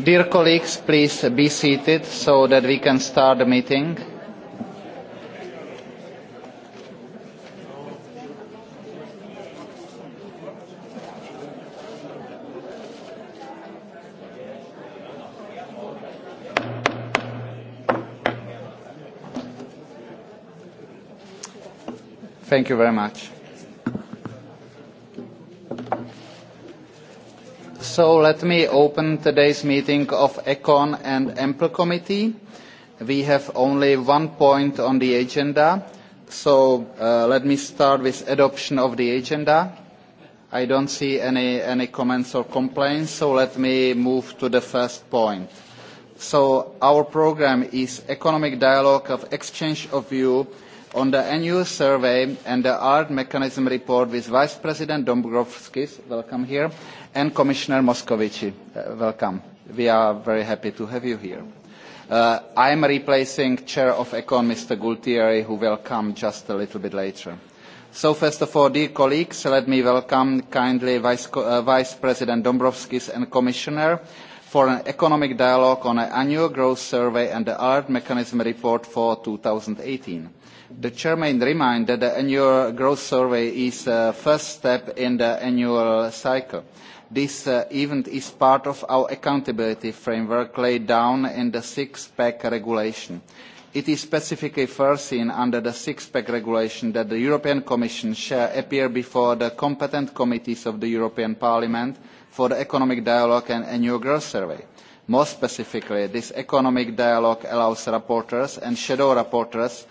Dear colleagues, please be seated so that we can start the meeting. Thank you very much. so let me open today's meeting of econ and ample committee we have only one point on the agenda so uh, let me start with adoption of the agenda i don't see any any comments or complaints so let me move to the first point so our program is economic dialogue of exchange of view on the annual survey and the art mechanism report with vice president dombrovskis welcome here and commissioner moscovici uh, welcome we are very happy to have you here uh, i am replacing chair of econ mr gultieri who will come just a little bit later so first of all dear colleagues let me welcome kindly vice, Co uh, vice president dombrovskis and commissioner for an economic dialogue on an annual growth survey and the art mechanism report for 2018 the chairman reminded that the annual growth survey is the first step in the annual cycle. This uh, event is part of our accountability framework laid down in the six-pack regulation. It is specifically foreseen under the six-pack regulation that the European Commission shall appear before the competent committees of the European Parliament for the economic dialogue and annual growth survey. More specifically, this economic dialogue allows rapporteurs and shadow rapporteurs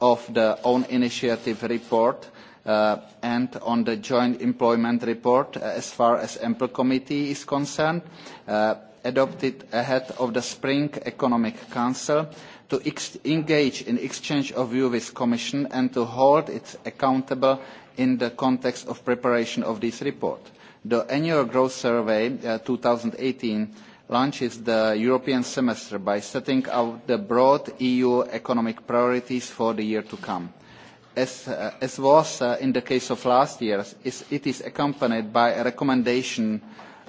of the own initiative report uh, and on the joint employment report uh, as far as ample committee is concerned uh, adopted ahead of the spring economic council to ex engage in exchange of view with commission and to hold it accountable in the context of preparation of this report the annual growth survey uh, 2018 launches the european semester by setting out the broad eu economic priorities for the year to come. as uh, was uh, in the case of last year it is accompanied by a recommendation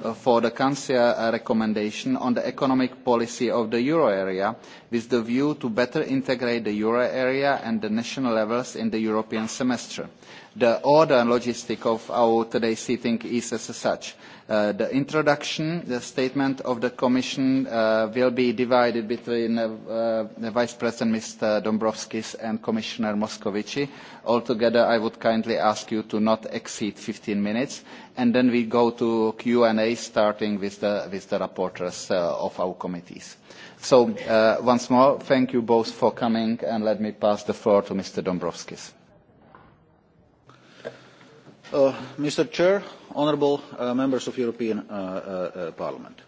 uh, for the council recommendation on the economic policy of the euro area with the view to better integrating the euro area and the national levels in the european semester. The order and logistic of our today's sitting is as such. Uh, the introduction, the statement of the Commission uh, will be divided between uh, uh, the Vice President Mr. Dombrovskis and Commissioner Moscovici. Altogether, I would kindly ask you to not exceed 15 minutes. And then we go to Q&A starting with the, with the reporters uh, of our committees. So uh, once more, thank you both for coming and let me pass the floor to Mr. Dombrovskis. Uh, Mr. Chair, honourable uh, members of European uh, uh, uh, Parliament.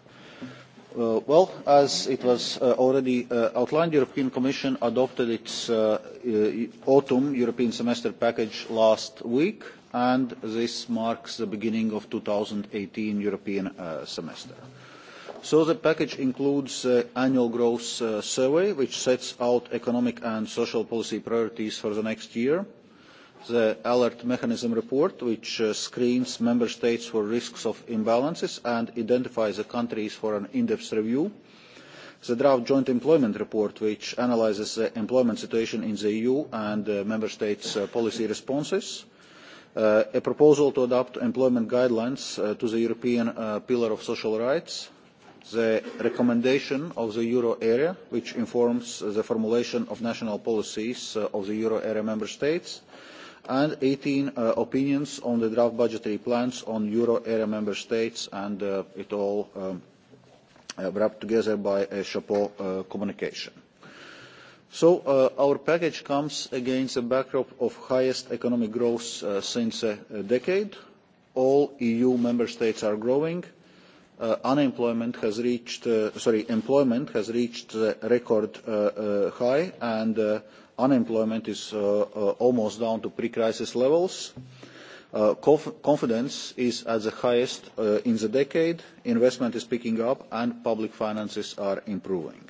Uh, well, as it was uh, already uh, outlined, the European Commission adopted its uh, uh, autumn European semester package last week, and this marks the beginning of 2018 European uh, semester. So the package includes the uh, annual growth uh, survey, which sets out economic and social policy priorities for the next year the alert mechanism report which uh, screens member states for risks of imbalances and identifies the countries for an in-depth review the draft joint employment report which analyzes the employment situation in the EU and the uh, member states uh, policy responses uh, a proposal to adopt employment guidelines uh, to the European uh, pillar of social rights the recommendation of the euro area which informs the formulation of national policies uh, of the euro area member states uh, and 18 uh, opinions on the draft budgetary plans on euro area member states and uh, it all um, uh, wrapped together by a chapeau uh, communication. So uh, our package comes against a backdrop of highest economic growth uh, since a, a decade. All EU member states are growing. Uh, unemployment has reached, uh, sorry, employment has reached a record uh, uh, high and uh, unemployment is uh, uh, almost down to pre-crisis levels. Uh, conf- confidence is at the highest uh, in the decade. Investment is picking up and public finances are improving.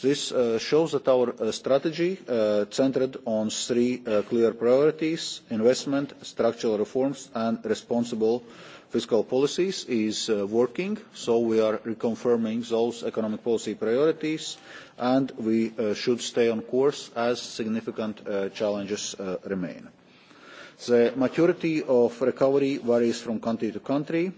This uh, shows that our uh, strategy uh, centered on three uh, clear priorities, investment, structural reforms and responsible uh, fiscal policies is uh, working, so we are reconfirming those economic policy priorities, and we uh, should stay on course as significant uh, challenges uh, remain. The maturity of recovery varies from country to country.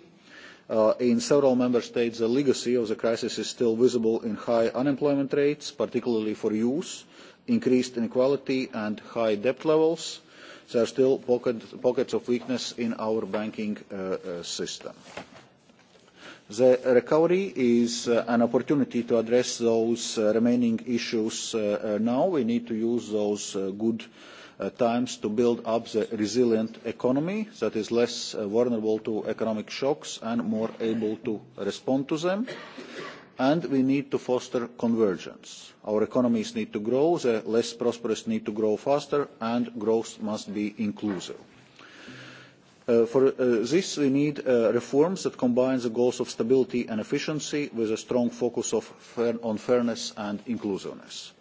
Uh, in several member states, the legacy of the crisis is still visible in high unemployment rates, particularly for youth, increased inequality and high debt levels. Uh, there are still pockets of weakness in our banking uh, uh, system. The recovery is uh, an opportunity to address those remaining issues now. We need to use those good times to build up the resilient economy that is less vulnerable to economic shocks and more able to respond to them and we need to foster convergence. our economies need to grow the less prosperous need to grow faster and growth must be inclusive. Uh, for uh, this we need uh, reforms that combine the goals of stability and efficiency with a strong focus of fair, on fairness and inclusiveness.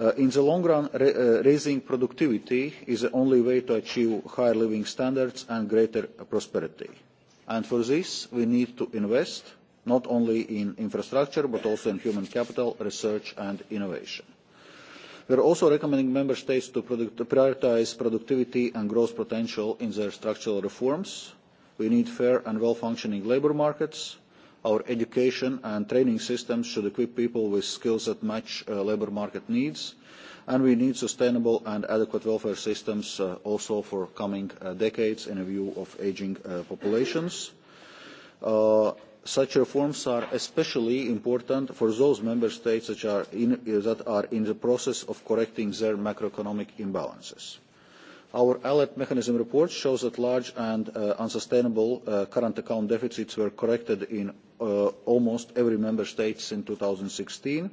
Uh, in the long run, re- uh, raising productivity is the only way to achieve higher living standards and greater prosperity. And for this, we need to invest not only in infrastructure, but also in human capital, research, and innovation. We are also recommending member states to prioritize productivity and growth potential in their structural reforms. We need fair and well-functioning labor markets. Our education and training systems should equip people with skills that match uh, labor market needs, and we need sustainable and adequate welfare systems uh, also for coming uh, decades in view of aging populations such reforms are especially important for those member states that are in, that are in the process of correcting their macroeconomic imbalances. Our alert mechanism report shows that large and uh, unsustainable uh, current account deficits were corrected in uh, almost every member state in 2016.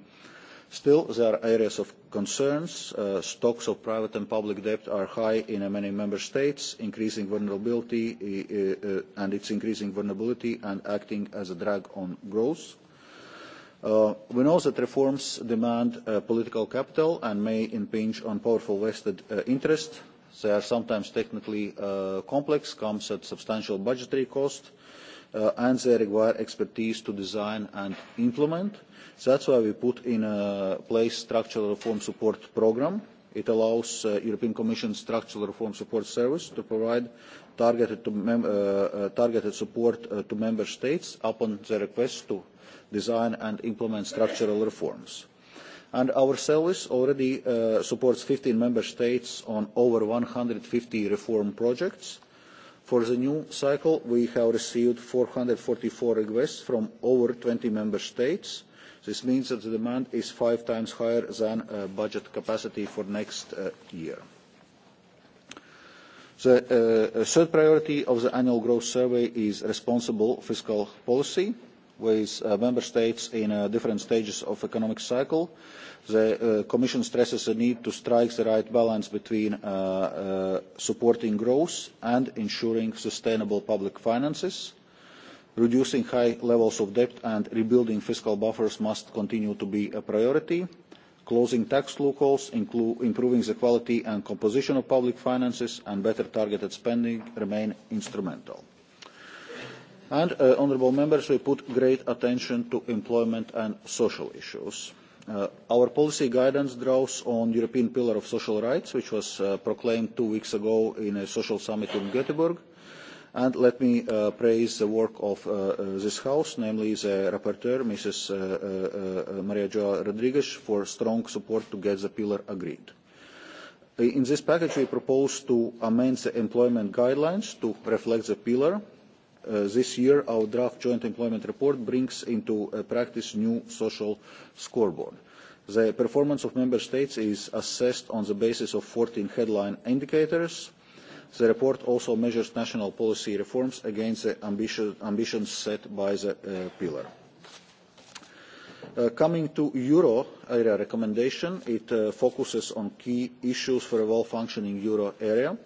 Still, there are areas of concerns. Uh, stocks of private and public debt are high in uh, many member states, increasing vulnerability uh, uh, and its increasing vulnerability and acting as a drag on growth. Uh, we know that reforms demand uh, political capital and may impinge on powerful vested uh, interest. They are sometimes technically uh, complex, comes at substantial budgetary cost, uh, and they require expertise to design and implement. Uh, That's why we put in a place structural reform support program. It allows uh, European Commission structural reform support service to provide targeted, to mem- uh, uh, targeted support uh, to member states upon their request to design and implement structural reforms. And our service already uh, supports 15 member states on over 150 reform projects. For the new cycle, we have received 444 requests from over 20 member states uh, This means that the demand is five times higher than uh, budget capacity for next uh, year. The uh, third priority of the annual growth survey is responsible fiscal policy, with member states in different stages of economic cycle. The Commission stresses the need to strike the right balance between supporting growth and ensuring sustainable public finances reducing high levels of debt and rebuilding fiscal buffers must continue to be a priority, closing tax loopholes, improving the quality and composition of public finances, and better targeted spending remain instrumental. Uh, honorable members, we put great attention to employment and social issues. Uh, our policy guidance draws on European Pillar of Social Rights, which was uh, proclaimed two weeks ago in a social summit in Gothenburg, And let me uh, praise the work of uh, uh, this House, namely the rapporteur, Mrs. Uh, uh, uh, Maria Joa Rodriguez, for strong support to get the pillar agreed. In this package, we propose to amend the employment guidelines to reflect the pillar. Uh, this year, our draft joint employment report brings into uh, practice new social scoreboard. The performance of member states is assessed on the basis of 14 headline indicators, The report also measures national policy reforms against the ambition, ambitions set by the uh, pillar. Uh, coming to euro area recommendation, it uh, focuses on key issues for a well-functioning euro area.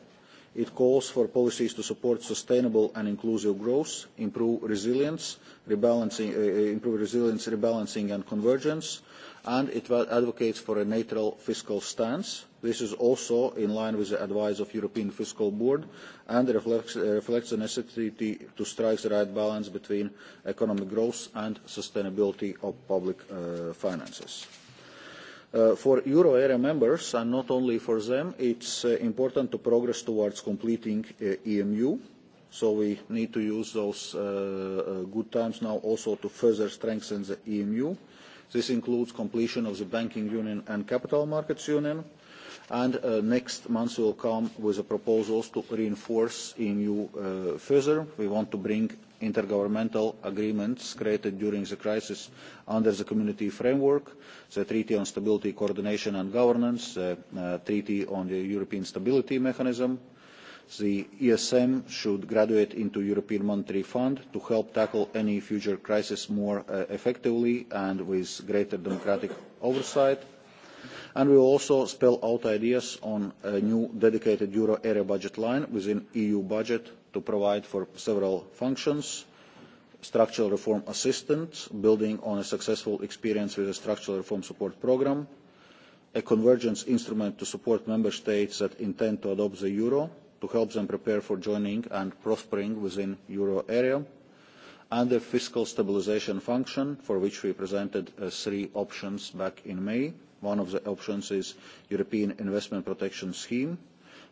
It calls for policies to support sustainable and inclusive growth, improve resilience, rebalancing, uh, uh improve resilience, rebalancing and convergence, uh, and it advocates for a neutral fiscal stance. This is also in line with the advice of European Fiscal Board and reflects uh, the necessity to strike the right balance between economic growth and sustainability of public uh, finances. Uh, for euro area members, and not only for them, it's important to progress towards completing EMU, so we need to use those good times now also to further strengthen the EMU. This includes completion of the banking union and capital markets union. And uh, next month we will come with the proposals to reinforce EMU uh, further. We want to bring intergovernmental agreements created during the crisis under the community framework, the Treaty on Stability, Coordination and Governance, the uh, uh, Treaty on the European Stability Mechanism, uh, the ESM should graduate into European Monetary Fund to help tackle any future crisis more uh, effectively and with greater democratic oversight. And we will also spell out ideas on a new dedicated euro area budget line within EU budget to provide for several functions, structural reform assistance, building on a successful experience with a structural reform support program, a convergence instrument to support member states that intend to adopt the euro, to help them prepare for joining and prospering within euro area and the fiscal stabilization function for which we presented uh, three options back in may one of the options is european investment protection scheme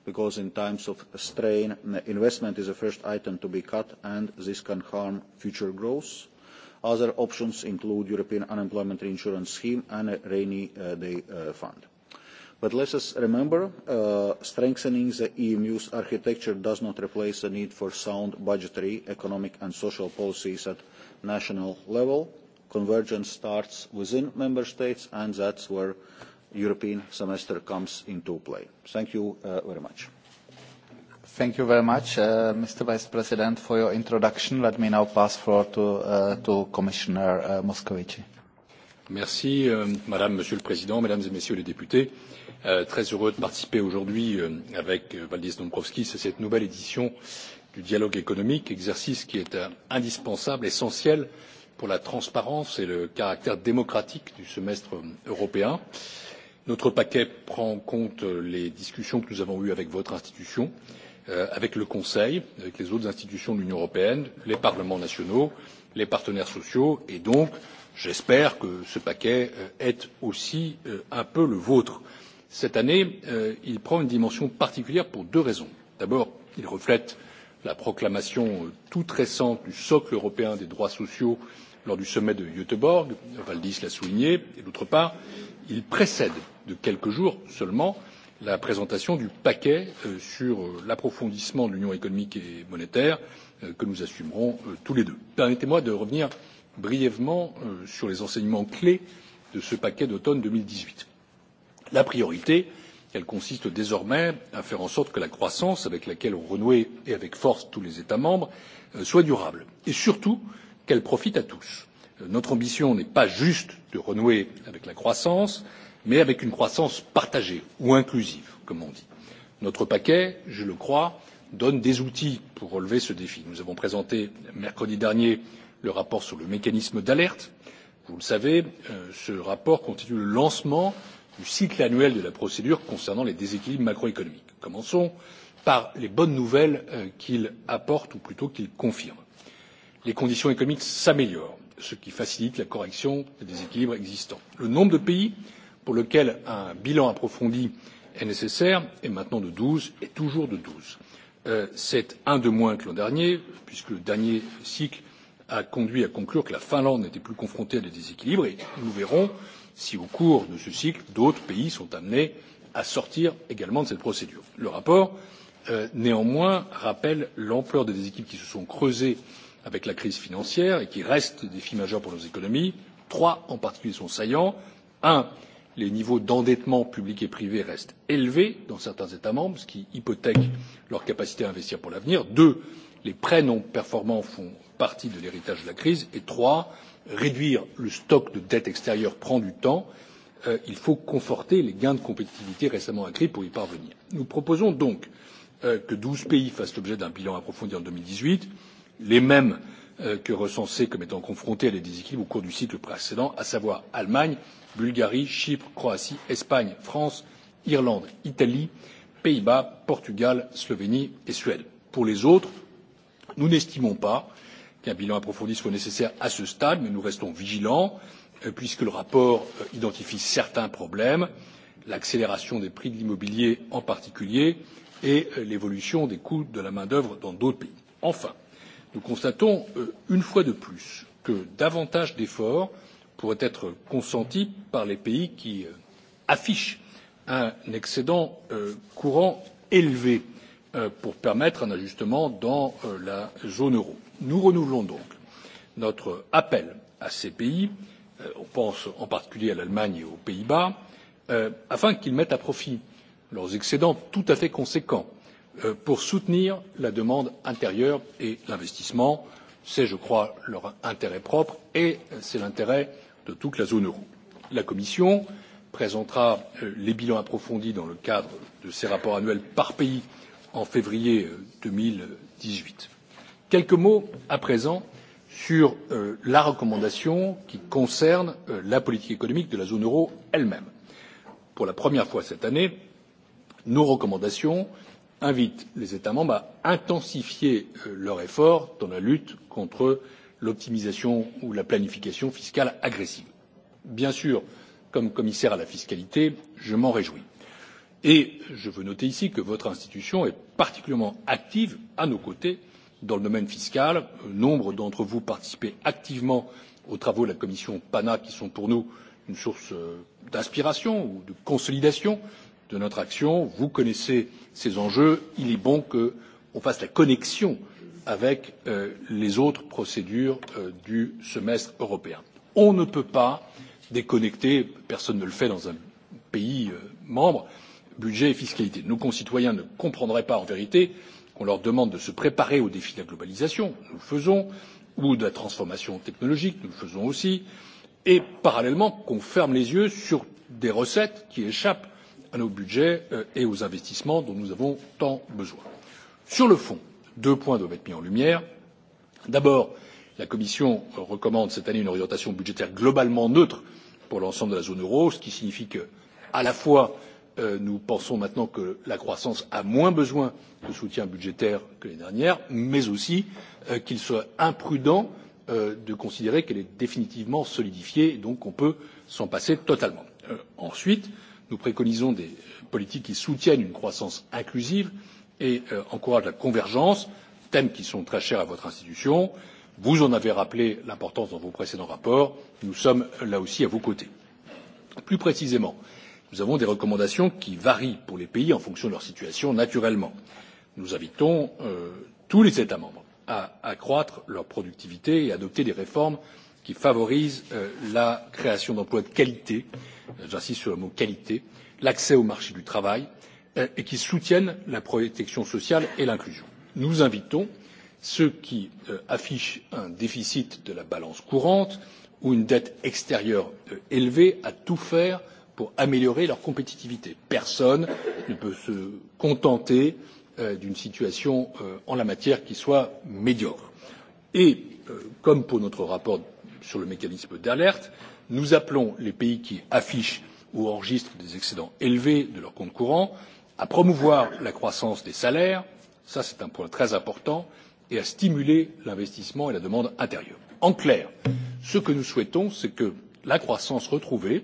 because in times of strain investment is the first item to be cut and this can harm future growth other options include european unemployment insurance scheme and a rainy uh, day uh, fund But let us remember, uh, strengthening the EMU's architecture does not replace the need for sound budgetary, economic and social policies at national level. Convergence starts within member states and that's where European semester comes into play. Thank you uh, very much. Thank you very much, uh, Mr. Vice President, for your introduction. Let me now pass floor to, uh, to Commissioner uh, Moscovici. Euh, madame monsieur le président mesdames et messieurs les députés je euh, suis très heureux de participer aujourd'hui euh, avec valdis dombrovskis à cette nouvelle édition du dialogue économique exercice qui est indispensable essentiel pour la transparence et le caractère démocratique du semestre européen. notre paquet prend en compte les discussions que nous avons eues avec votre institution avec le conseil avec les autres institutions de l'union européenne les parlements nationaux les partenaires sociaux et donc j'espère que ce paquet euh, est aussi euh, un peu le vôtre. cette année euh, il prend une dimension particulière pour deux raisons d'abord il reflète la proclamation toute récente du socle européen des droits sociaux lors du sommet de göteborg valdis l'a souligné et d'autre part il précède de quelques jours seulement la présentation du paquet sur l'approfondissement de l'union économique et monétaire que nous assumerons tous les deux. permettez moi de revenir brièvement euh, sur les enseignements clés de ce paquet d'automne. deux mille dix huit la priorité consiste désormais à faire en sorte que la croissance avec laquelle ont renoué et avec force tous les états membres euh, soit durable et surtout qu'elle profite à tous. Euh, notre ambition n'est pas juste de renouer avec la croissance mais avec une croissance partagée ou inclusive comme on dit. notre paquet je le crois donne des outils pour relever ce défi. nous avons présenté mercredi dernier le rapport sur le mécanisme d'alerte. vous le savez euh, ce rapport constitue le lancement du cycle annuel de la procédure concernant les déséquilibres macroéconomiques. commençons par les bonnes nouvelles euh, qu'il apporte ou plutôt qu'il confirme. les conditions économiques s'améliorent ce qui facilite la correction des déséquilibres existants. le nombre de pays pour lesquels un bilan approfondi est nécessaire est maintenant de douze et toujours de douze. Euh, c'est un de moins que l'an dernier puisque le dernier cycle a conduit à conclure que la finlande n'était plus confrontée à des déséquilibres et nous verrons si au cours de ce cycle d'autres pays sont amenés à sortir également de cette procédure. le rapport euh, néanmoins rappelle l'ampleur des déséquilibres qui se sont creusés avec la crise financière et qui restent des défis majeurs pour nos économies. trois en particulier sont saillants un les niveaux d'endettement public et privé restent élevés dans certains états membres ce qui hypothèque leur capacité à investir pour l'avenir deux les prêts non performants font partie de l'héritage de la crise et trois réduire le stock de dette extérieure prend du temps euh, il faut conforter les gains de compétitivité récemment acquis pour y parvenir. nous proposons donc euh, que douze pays fassent l'objet d'un bilan approfondi en deux mille dix huit les mêmes euh, que recensés comme étant confrontés à des déséquilibres au cours du cycle précédent à savoir allemagne bulgarie chypre croatie espagne france irlande italie pays bas portugal slovénie et suède. pour les autres nous n'estimons pas qu'un bilan approfondi soit nécessaire à ce stade mais nous restons vigilants euh, puisque le rapport euh, identifie certains problèmes l'accélération des prix de l'immobilier en particulier et euh, l'évolution des coûts de la main d'œuvre dans d'autres pays. enfin nous constatons une fois de plus que davantage d'efforts pourraient être consentis par les pays qui affichent un excédent courant élevé pour permettre un ajustement dans la zone euro nous renouvelons donc notre appel à ces pays euh, on pense en particulier à l'allemagne et aux pays bas euh, afin qu'ils mettent à profit leurs excédents tout à fait conséquents euh, pour soutenir la demande intérieure et l'investissement. c'est je crois leur intérêt propre et c'est l'intérêt de toute la zone euro. la commission présentera les bilans approfondis dans le cadre de ses rapports annuels par pays en février deux mille dix huit quelques mots à présent sur euh, la recommandation qui concerne euh, la politique économique de la zone euro elle même. pour la première fois cette année nos recommandations invitent les états membres à intensifier euh, leurs efforts dans la lutte contre l'optimisation ou la planification fiscale agressive. bien sûr comme commissaire à la fiscalité je m'en réjouis et je veux noter ici que votre institution est particulièrement active à nos côtés dans le domaine fiscal nombre d'entre vous participaient activement aux travaux de la commission pana qui sont pour nous une source euh, d'inspiration ou de consolidation de notre action vous connaissez ces enjeux il est bon qu'on fasse la connexion avec euh, les autres procédures euh, du semestre européen. on ne peut pas déconnecter personne ne le fait dans un pays membre budget et fiscalité. nos concitoyens ne comprendraient pas en vérité qu'on leur demande de se préparer aux défis de la globalisation nous le faisons ou de la transformation technologique nous le faisons aussi et parallèlement qu'on ferme les yeux sur des recettes qui échappent à nos budgets euh, et aux investissements dont nous avons tant besoin. sur le fond deux points doivent être mis en lumière d'abord la commission recommande cette année une orientation budgétaire globalement neutre pour l'ensemble de la zone euro ce qui signifie que à la fois Euh, nous pensons maintenant que la croissance a moins besoin de soutien budgétaire que l'année dernière mais aussi euh, qu'il serait imprudent euh, de considérer qu'elle est définitivement solidifiée et donc qu'on peut s'en passer totalement. ensuite nous préconisons des politiques qui soutiennent une croissance inclusive et encouragent la convergence thèmes qui sont très chers à votre institution. vous en avez rappelé l'importance dans vos précédents rapports nous sommes là aussi à vos côtés. plus précisément nous avons des recommandations qui varient pour les pays en fonction de leur situation naturellement. nous invitons euh, tous les états membres à accroître leur productivité et à adopter des réformes qui favorisent euh, la création d'emplois de qualité j'insiste sur le mot qualité l'accès au marché du travail euh, et qui soutiennent la protection sociale et l'inclusion. nous invitons ceux qui affichent un déficit de la balance courante ou une dette extérieure élevée à tout faire pour améliorer leur compétitivité. personne ne peut se contenter euh, d'une situation euh, en la matière qui soit médiocre. et euh, comme pour notre rapport sur le mécanisme d'alerte nous appelons les pays qui affichent ou enregistrent des excédents élevés de leurs comptes courants à promouvoir la croissance des salaires ça c'est un point très important et à stimuler l'investissement et la demande intérieure. en clair ce que nous souhaitons c'est que la croissance retrouvée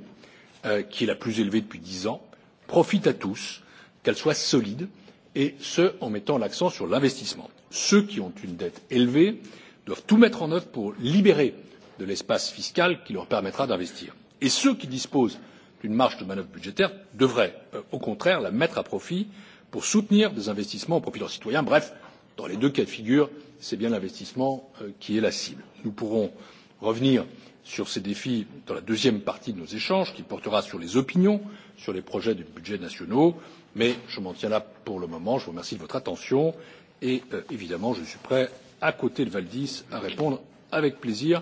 Euh, qui est la plus élevée depuis dix ans profite à tous qu'elle soit solide et ce en mettant l'accent sur l'investissement. ceux qui ont une dette élevée doivent tout mettre en œuvre pour libérer de l'espace fiscal qui leur permettra d'investir et ceux qui disposent d'une marge de manœuvre budgétaire devraient euh, au contraire la mettre à profit pour soutenir des investissements au profit de leurs citoyens. bref dans les deux cas de figure c'est bien l'investissement euh, qui est la cible. nous pourrons revenir sur ces défis dans la deuxième partie de nos échanges qui portera sur les opinions sur les projets des budgets nationaux mais je m'en tiens là pour le moment. je vous remercie de votre attention et euh, évidemment je suis prêt à côté de valdis à répondre avec plaisir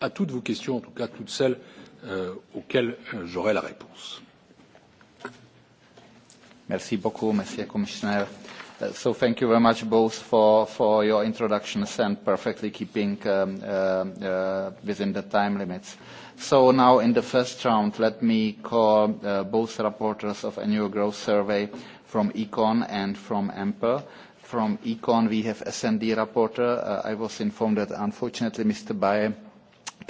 à toutes vos questions en tout cas toutes celles euh, auxquelles euh, j'aurai la réponse. merci beaucoup monsieur le commissaire so thank you very much both for, for your introductions and perfectly keeping um, uh, uh, within the time limits. So now in the first round, let me call uh, both reporters of annual growth survey from Econ and from EMPER. From Econ, we have SND reporter. Uh, I was informed that unfortunately Mr. Bayer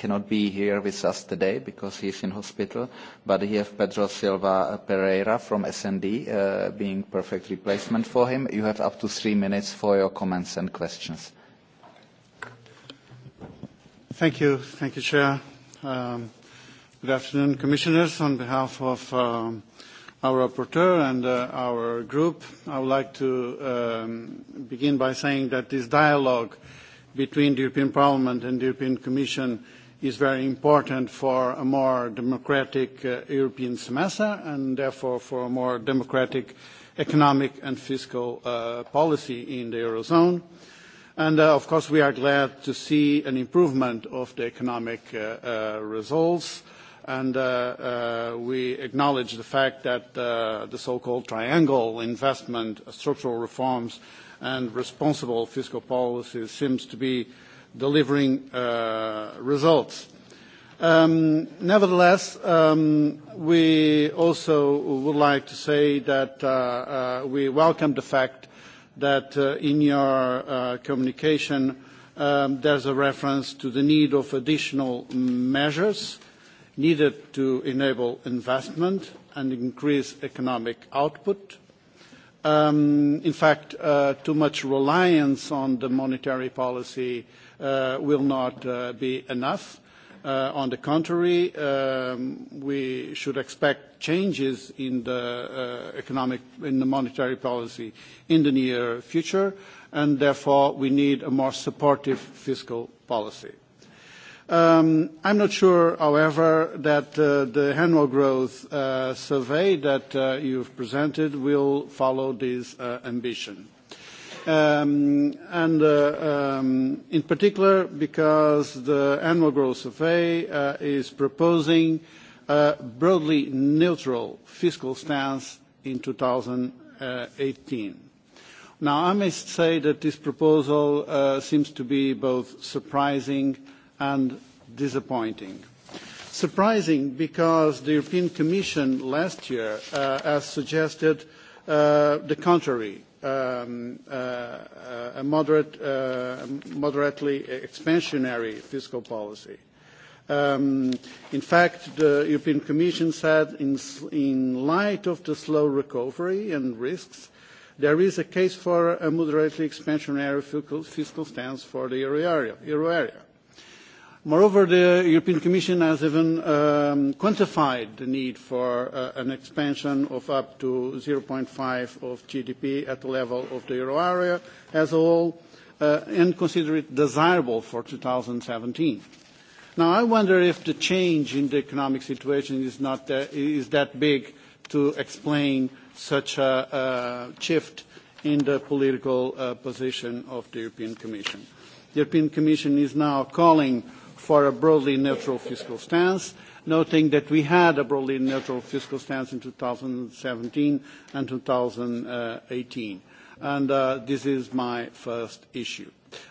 cannot be here with us today because he is in hospital, but we have Pedro Silva Pereira from SND uh, being perfect replacement for him. You have up to three minutes for your comments and questions. Thank you. Thank you, Chair. Um, good afternoon, Commissioners. On behalf of um, our rapporteur and uh, our group, I would like to um, begin by saying that this dialogue between the European Parliament and the European Commission uh, is very important for a more democratic uh, European semester and therefore for a more democratic economic and fiscal uh, policy in the Eurozone. And uh, of course, we are glad to see an improvement of the economic uh, uh, results. And uh, uh, we acknowledge the fact that uh, the so-called triangle investment, structural reforms, and responsible fiscal policies seems to be uh, delivering uh, results. Um, nevertheless, um, we also would like to say that uh, uh, we welcome the fact that in your communication, um, there's a reference to the need of additional measures needed to enable investment and increase economic output. In fact, too much reliance on the monetary policy Uh, will not uh, be enough. Uh, on the contrary, um, we should expect changes in the economic and the monetary policy in the near future, and therefore, we need a more supportive fiscal policy. Um, I'm not sure, however, that the annual growth survey that you've presented will follow this ambition. Um, and uh, um, in particular, because the annual growth survey uh, is proposing a broadly neutral fiscal stance in 2018. Now, I must say that this proposal uh, seems to be both surprising and disappointing. Surprising because the European Commission last year has suggested the contrary, Um, uh, a moderate, uh, moderately expansionary fiscal policy. Um, in fact, the European Commission said, in, in light of the slow recovery and risks, there is a case for a moderately expansionary fiscal, fiscal stance for the euro area. Euro area. Uh, Moreover, the European Commission has even um, quantified the need for uh, an expansion of up to 0.5 of GDP at the level of the euro area as a whole uh, and consider it desirable for 2017. Now, I wonder if the change in the economic situation is, not that, is that big to explain such a, a shift in the political uh, position of the European Commission. The European Commission is now calling for a broadly neutral fiscal stance, noting that we had a broadly neutral fiscal stance in 2017 and 2018. Uh, this is my first issue.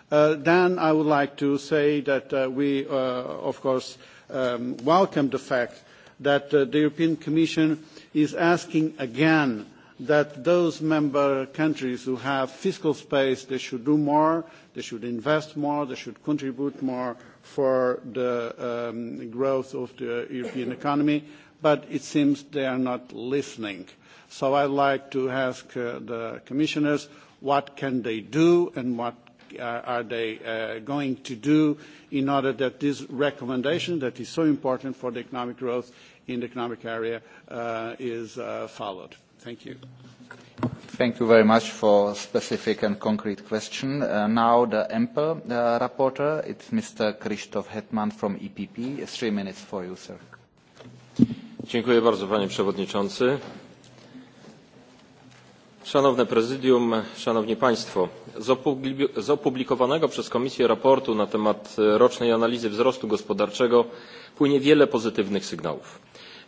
Uh, I would like to say that uh, we, of course, um, welcome the fact that the European Commission is asking again that those member countries who have fiscal space, they should do more, they should invest more, they should contribute more for the um, growth of the European economy, but it seems they are not listening. So I'd like to ask uh, the commissioners, what can they do, and what uh, are they uh, going to do in order that this recommendation that is so important for the economic growth in the economic area is followed? Thank you thank you very much for a specific and concrete question. Uh, now the empl uh, rapporteur is mr krzysztof hetman from the epp. three minutes for you sir. Dziękuję bardzo, panie przewodniczący. Szanowne prezydium, szanowni państwo, z opublikowanego przez komisję raportu na temat rocznej analizy wzrostu gospodarczego płynie wiele pozytywnych sygnałów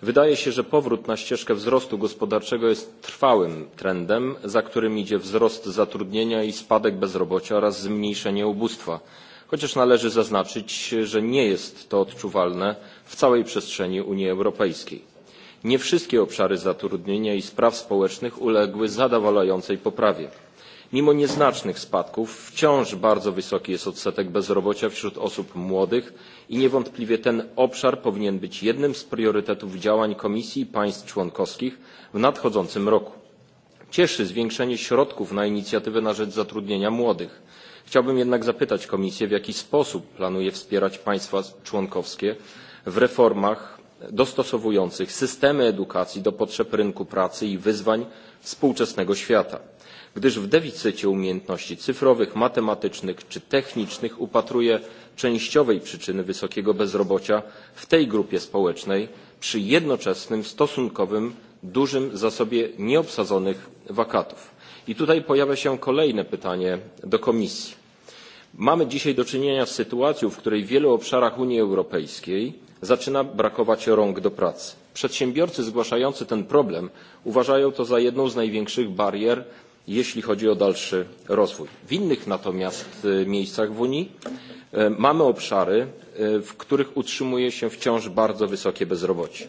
wydaje się że powrót na ścieżkę wzrostu gospodarczego jest trwałym trendem za którym idzie wzrost zatrudnienia i spadek bezrobocia oraz zmniejszenie ubóstwa chociaż należy zaznaczyć że nie jest to odczuwalne w całej przestrzeni unii europejskiej. nie wszystkie obszary zatrudnienia i spraw społecznych uległy zadowalającej poprawie mimo nieznacznych spadków wciąż bardzo wysoki jest odsetek bezrobocia wśród osób młodych i niewątpliwie ten obszar powinien być jednym z priorytetów działań komisji i państw członkowskich w nadchodzącym roku. cieszy zwiększenie środków na inicjatywę na rzecz zatrudnienia młodych chciałbym jednak zapytać komisję w jaki sposób planuje wspierać państwa członkowskie w reformach dostosowujących systemy edukacji do potrzeb rynku pracy i wyzwań współczesnego świata gdyż w deficycie umiejętności cyfrowych, matematycznych czy technicznych upatruje częściowej przyczyny wysokiego bezrobocia w tej grupie społecznej przy jednoczesnym stosunkowym dużym zasobie nieobsadzonych wakatów. I tutaj pojawia się kolejne pytanie do Komisji. Mamy dzisiaj do czynienia z sytuacją, w której w wielu obszarach Unii Europejskiej zaczyna brakować rąk do pracy. Przedsiębiorcy zgłaszający ten problem uważają to za jedną z największych barier jeśli chodzi o dalszy rozwój. W innych natomiast e, miejscach w Unii e, mamy obszary, e, w których utrzymuje się wciąż bardzo wysokie bezrobocie.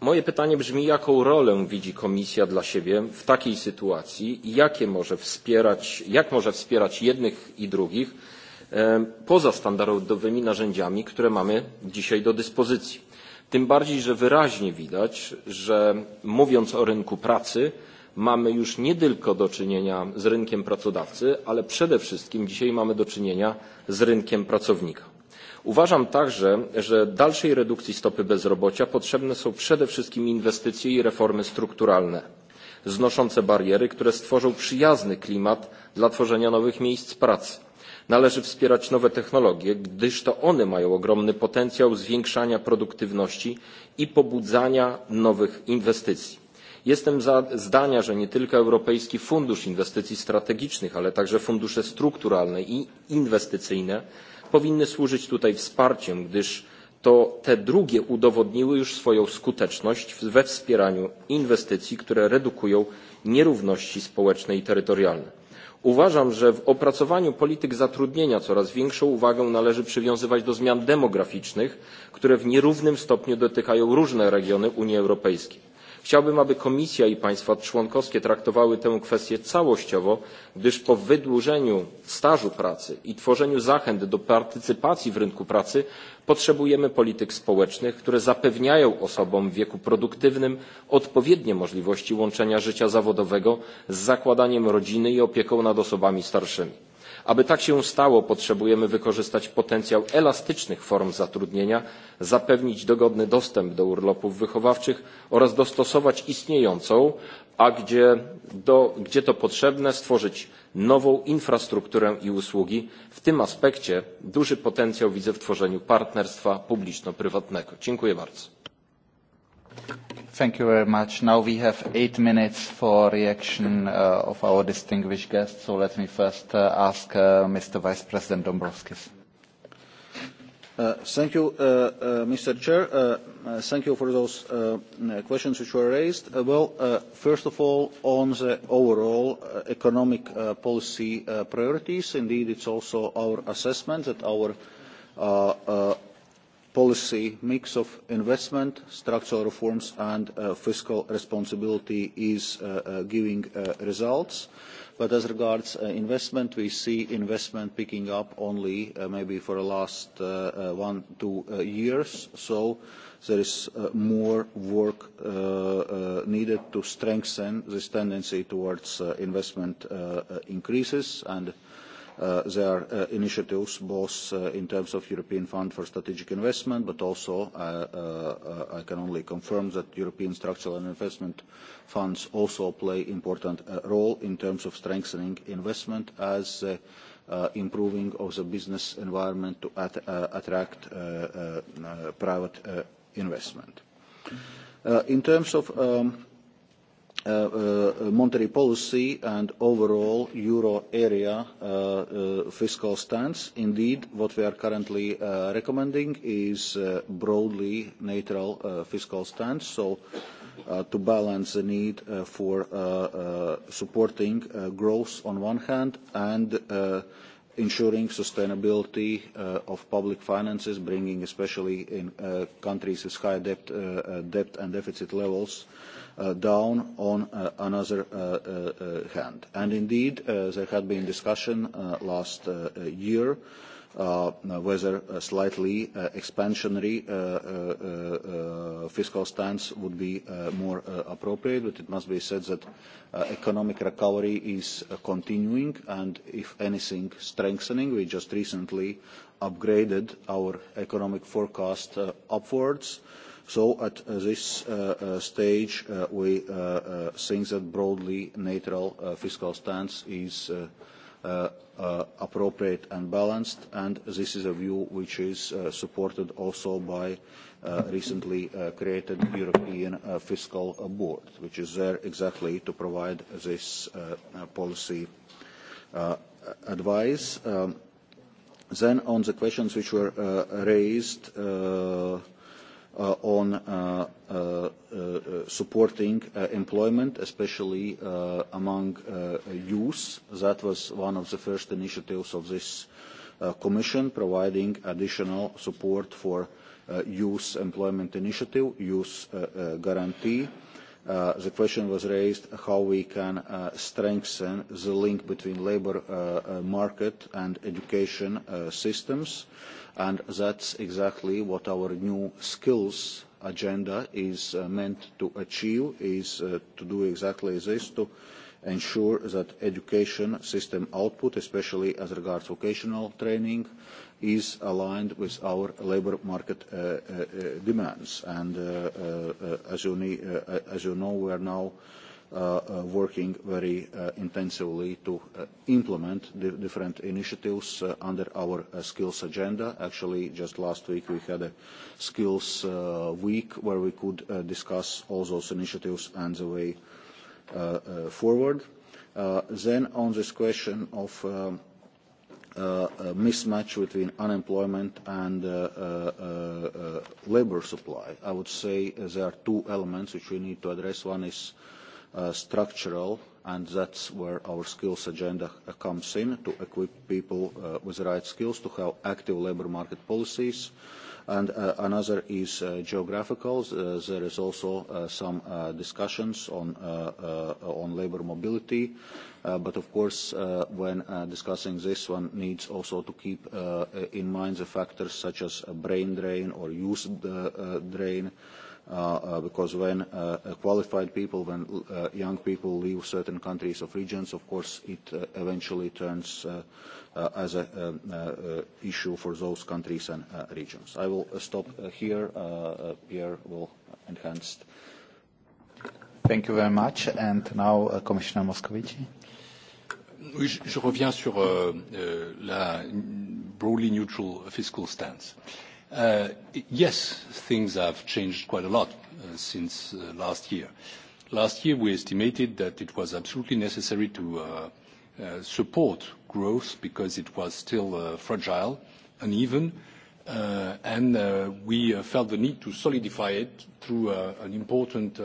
Moje pytanie brzmi, jaką rolę widzi Komisja dla siebie w takiej sytuacji i jakie może wspierać, jak może wspierać jednych i drugich poza standardowymi narzędziami, które mamy dzisiaj do dyspozycji. Tym bardziej, że wyraźnie widać, że mówiąc o rynku pracy, mamy już nie tylko do czynienia z rynkiem pracodawcy, ale przede wszystkim dzisiaj mamy do czynienia z rynkiem pracownika. Uważam także, że dalszej redukcji stopy bezrobocia potrzebne są przede wszystkim inwestycje i reformy strukturalne, znoszące bariery, które stworzą przyjazny klimat dla tworzenia nowych miejsc pracy. Należy wspierać nowe technologie, gdyż to one mają ogromny potencjał zwiększania produktywności i pobudzania nowych inwestycji. Jestem za zdania, że nie tylko Europejski Fundusz Inwestycji Strategicznych, ale także fundusze strukturalne i inwestycyjne powinny służyć tutaj wsparciem, gdyż to te drugie udowodniły już swoją skuteczność we wspieraniu inwestycji, które redukują nierówności społeczne i terytorialne. Uważam, że w opracowaniu polityk zatrudnienia coraz większą uwagę należy przywiązywać do zmian demograficznych, które w nierównym stopniu dotykają różne regiony Unii Europejskiej chciałbym aby komisja i państwa członkowskie traktowały tę kwestię całościowo gdyż po wydłużeniu stażu pracy i tworzeniu zachęt do partycypacji w rynku pracy potrzebujemy polityk społecznych które zapewniają osobom w wieku produktywnym odpowiednie możliwości łączenia życia zawodowego z zakładaniem rodziny i opieką nad osobami starszymi aby tak się stało potrzebujemy wykorzystać potencjał elastycznych form zatrudnienia zapewnić dogodny dostęp do urlopów wychowawczych oraz dostosować istniejącą a gdzie to potrzebne stworzyć nową infrastrukturę i usługi. w tym aspekcie duży potencjał widzę w tworzeniu partnerstwa publiczno prywatnego. dziękuję bardzo. Thank you very much. Now we have eight minutes for reaction uh, of our distinguished guests. So let me first uh, ask uh, Mr. Vice President Dombrovskis. Uh, thank you, uh, uh, Mr. Chair. Uh, uh, thank you for those uh, questions which were raised. Uh, well, uh, first of all, on the overall uh, economic uh, policy uh, priorities, indeed, it's also our assessment that our uh, uh, policy mix of investment, structural reforms and uh, fiscal responsibility is uh, uh, giving uh, results. But as regards uh, investment, we see investment picking up only uh, maybe for the last uh, uh, one, two uh, years. So there is uh, more work uh, uh, needed to strengthen this tendency towards uh, investment uh, uh, increases. And, uh, uh, their uh, initiatives, both uh, in terms of European Fund for Strategic Investment, but also uh, uh, uh, I can only confirm that European structural and investment funds also play important uh, role in terms of strengthening investment as uh, uh, improving of the business environment to at, uh, attract uh, uh, uh private uh, investment. Uh, in terms of um, Uh, uh, monetary policy and overall euro area uh, uh, fiscal stance. Indeed, what we are currently uh, recommending is uh, broadly neutral uh, fiscal stance, so uh, to balance the need uh, for uh, uh, supporting uh, growth on one hand and uh, ensuring sustainability uh, of public finances, bringing especially in uh, countries with high debt, uh, uh, debt and deficit levels uh, Uh, down on uh, another uh, uh, hand. And indeed, uh, there had been discussion uh, last uh, year uh, whether a slightly uh, expansionary uh, uh, uh, fiscal stance would be uh, more uh, appropriate, but it must be said that uh, economic recovery is uh, continuing and, if anything, strengthening. We just recently upgraded our economic forecast uh, upwards. Uh, At uh, this uh, uh, stage, we think that broadly neutral fiscal stance is appropriate and balanced, and this is a view which is supported also by recently created European Fiscal Board, which is there exactly to provide this policy advice. Um, on the questions which were raised Uh, on uh, uh, supporting employment, especially among youth. That was one of the first initiatives of this commission, providing additional support for youth employment initiative, youth guarantee. The question was raised, how we can strengthen the link between labor market and education systems and that's exactly what our new skills agenda is uh, meant to achieve is uh, to do exactly this to ensure that education system output especially as regards vocational training is aligned with our labor market uh, uh, uh demands and uh, uh, uh as, you need, uh, uh, as you know we are now uh, Uh, uh, working very uh, intensively to uh, implement the different initiatives uh, under our uh, skills agenda. Actually, just last week we had a skills uh, week where we could uh, discuss all those initiatives and the way uh, uh, forward. Uh, then on this question of um, uh, a uh, mismatch between unemployment and uh, uh, uh, uh, labor supply. I would say there are two elements which we need to address. One is uh, Uh, structural and that's where our skills agenda uh, comes in to equip people uh, with the right skills to have active labor market policies and uh, another is uh, geographical uh, there is also uh, some uh, discussions on uh, uh, on labor mobility uh, but of course uh, when uh, discussing this one needs also to keep uh, in mind the factors such as brain drain or youth uh, uh, drain uh, uh, uh, because when uh, uh, qualified people, when uh, young people leave certain countries of regions, of course it uh, eventually turns uh, uh, as an um, uh, uh, issue for those countries and uh, regions. I will uh, stop uh, here. Uh, uh, Pierre will enhance. Thank you very much. And now uh, Commissioner Moscovici. Oui, je, je reviens sur euh, euh, la broadly neutral fiscal stance. Euh, Uh, yes, things have changed quite a lot uh, since uh, last year. Last year, we estimated that it was absolutely necessary to support growth because it was still fragile, uneven, and we felt the need to solidify it through an important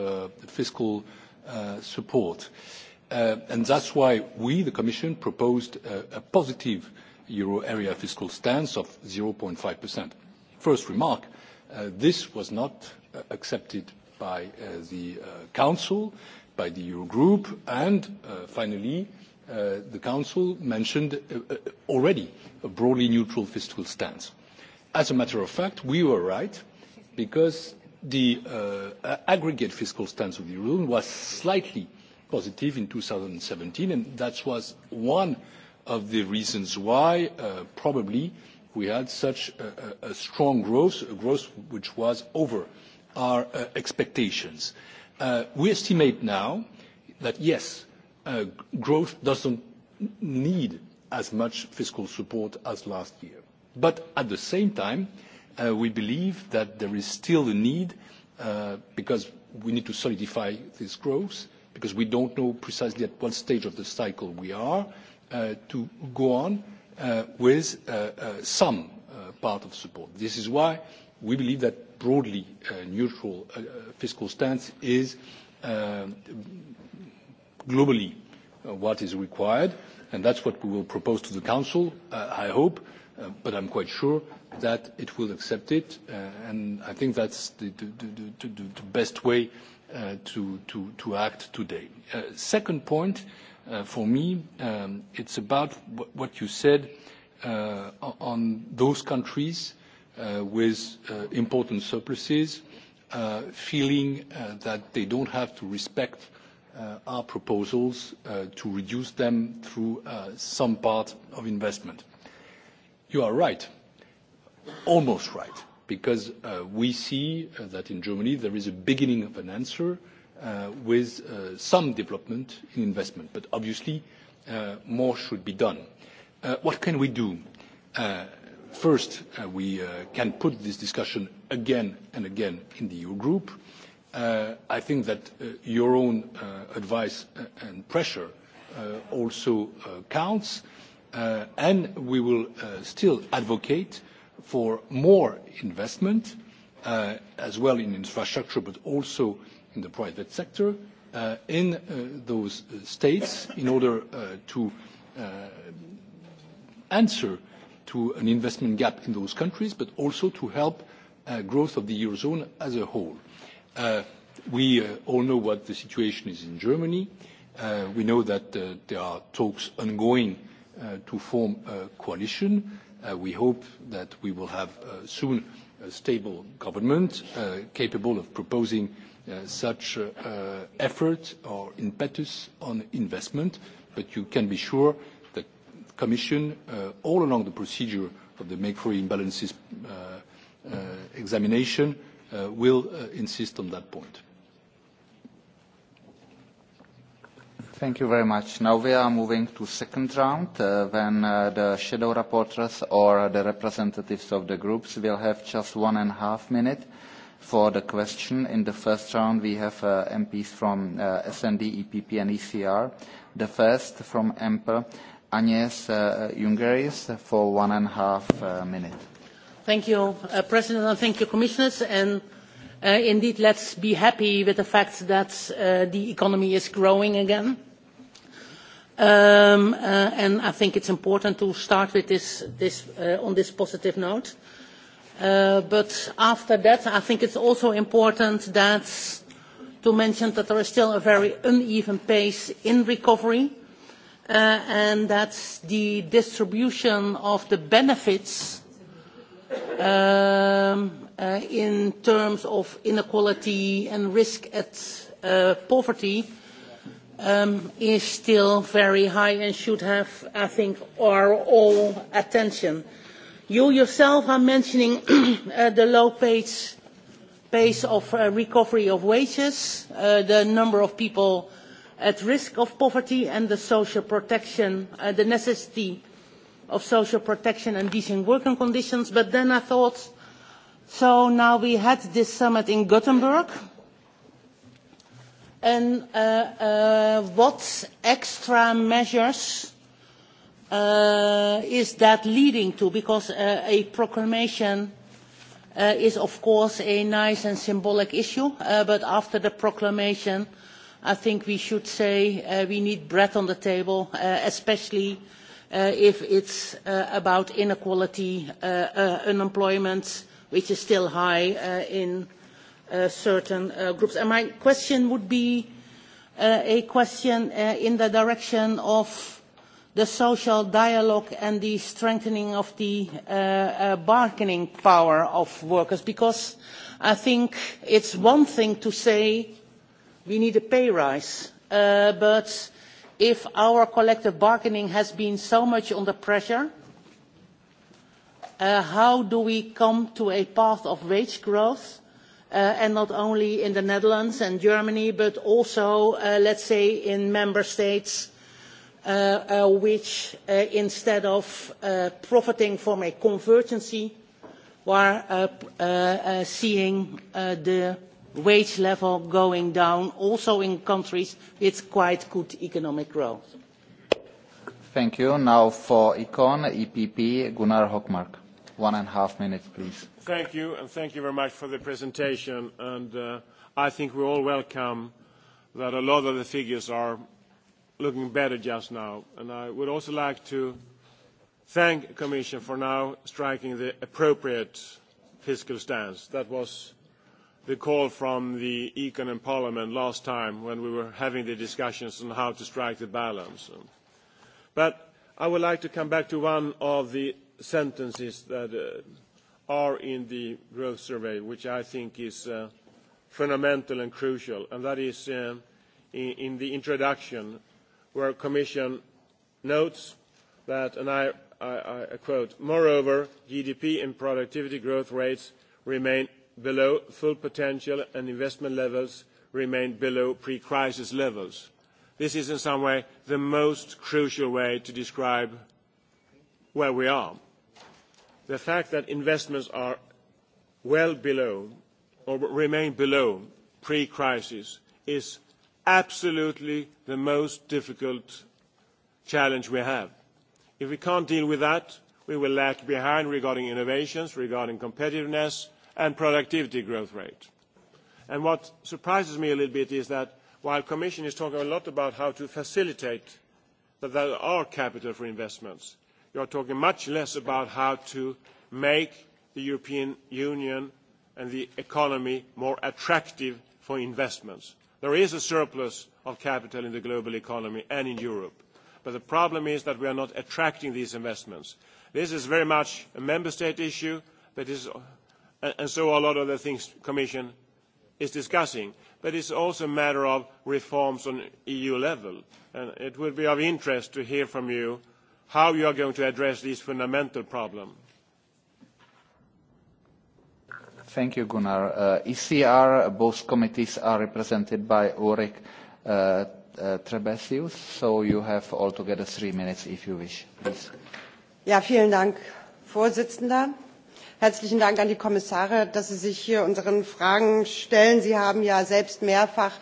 fiscal support. That's why we, the Commission, proposed a positive euro area fiscal stance of 0.5% first remark uh, this was not uh, accepted by uh, the council by the eurogroup and finally the council mentioned already a broadly neutral fiscal stance. as a matter of fact we were right because the aggregate fiscal stance of the eurozone was slightly positive in two thousand and seventeen and that was one of the reasons why probably we had such a strong growth, a growth which was over our uh, expectations. Uh, we estimate now that, yes, uh, growth doesn't need as much fiscal support as last year. But at the same time, we believe that there is still a need because we need to solidify this growth, because we don't know precisely at what stage of the cycle we are to go on Uh, with uh, uh, some part of support. this is why we believe that a broadly neutral fiscal stance is globally what is required and that is what we will propose to the council i hope but i am quite sure that it will accept it and i think that is the best way to act today. the second point Uh, for me, um, it's about what you said uh, on those countries uh, with important surpluses feeling that they don't have to respect our proposals to reduce them through some part of investment. You are right. Almost right, because we see that in Germany, there is a beginning of an answer, Uh, with uh, some development in investment but obviously uh, more should be done. what can we do? first we can put this discussion again and again in the eu group. i think that your own advice and pressure also counts and we will still advocate for more investment as well in infrastructure but also in the private sector uh, in uh, those states in order uh, to answer to an investment gap in those countries but also to help growth of the eurozone as a whole we all know what the situation is in germany we know that there are talks ongoing to form a coalition we hope that we will have soon a stable government capable of proposing Uh, such uh, uh, effort or impetus on investment. You can be sure the Commission, all along the procedure of the Make Free Imbalances examination, will insist on that point. Thank you very much. Now we are moving to second round, when the shadow rapporteurs or the representatives of the groups will have just one and a half minute for the question. In the first round, we have uh, MPs from uh, SND, EPP, and ECR. The first from MPA, Agnès uh, Jungerius, for one and a half minute. Thank you, President, and thank you, commissioners. Indeed, let's be happy with the fact that the economy is growing again. Um, I think it's important to start with this on this positive note. Uh, but after that, I think it's also important that to mention that there is still a very uneven pace in recovery uh, and that the distribution of the benefits um, uh, in terms of inequality and risk at uh, poverty um, is still very high and should have, I think, our all attention. You yourself are mentioning uh, the low pace, pace of uh, recovery of wages, uh, the number of people at risk of poverty and the social protection, uh, the necessity of social protection and decent working conditions. But then I thought, so now we had this summit in Gothenburg, and uh, uh, what extra measures uh, is that leading to? Because uh, a proclamation uh, is, of course, a nice and symbolic issue, uh, but after the proclamation, I think we should say uh, we need bread on the table, uh, especially uh, if it's uh, about inequality, uh, uh, unemployment, which is still high uh, in uh, certain uh, groups. And my question would be uh, a question uh, in the direction of uh, the social dialogue and the strengthening of the uh, uh, bargaining power of workers because I think it's one thing to say we need a pay rise, uh, but if our collective bargaining has been so much under pressure, uh, how do we come to a path of wage growth? Uh, and not only in the Netherlands and Germany, but also, uh, let's say, in member states uh, Uh, uh, which uh, instead of uh, profiting from a convergency were uh, uh, uh, seeing uh, the wage level going down also in countries with quite good economic growth. Thank you. Now for ICON, EPP, Gunnar Hochmark. One and a half minutes, please. Thank you, and thank you very much for the presentation. And uh, I think we all welcome that a lot of the figures are looking better just now. And I would also like to thank the Commission for now striking the appropriate fiscal stance. That was the call from the Econ and Parliament last time when we were having the discussions on how to strike the balance. But I would like to come back to one of the sentences that uh, are in the growth survey, which I think is uh, fundamental and crucial, and that is uh, in, in the introduction where commission notes that and I, I, I quote moreover gdp and productivity growth rates remain below full potential and investment levels remain below pre-crisis levels this is in some way the most crucial way to describe where we are the fact that investments are well below or remain below pre-crisis is absolutely the most difficult challenge we have. If we can't deal with that, we will lag behind regarding innovations, regarding competitiveness and productivity growth rate. And what surprises me a little bit is that while Commission is talking a lot about how to facilitate that there are capital for investments, you are talking much less about how to make the European Union and the economy more attractive for investments there is a surplus of capital in the global economy and in europe but the problem is that we are not attracting these investments. this is very much a member state issue that is, uh, and so a lot of the things the commission is discussing but it is also a matter of reforms on eu level and it would be of interest to hear from you how you are going to address this fundamental problem. thank you gunnar uh, ecr both committees are represented by ulrich uh, uh, trebesius so you have altogether three minutes if you wish please ja vielen dank vorsitzender herzlichen dank an die kommissare dass sie sich hier unseren fragen stellen. sie haben sich ja selbst mehrfach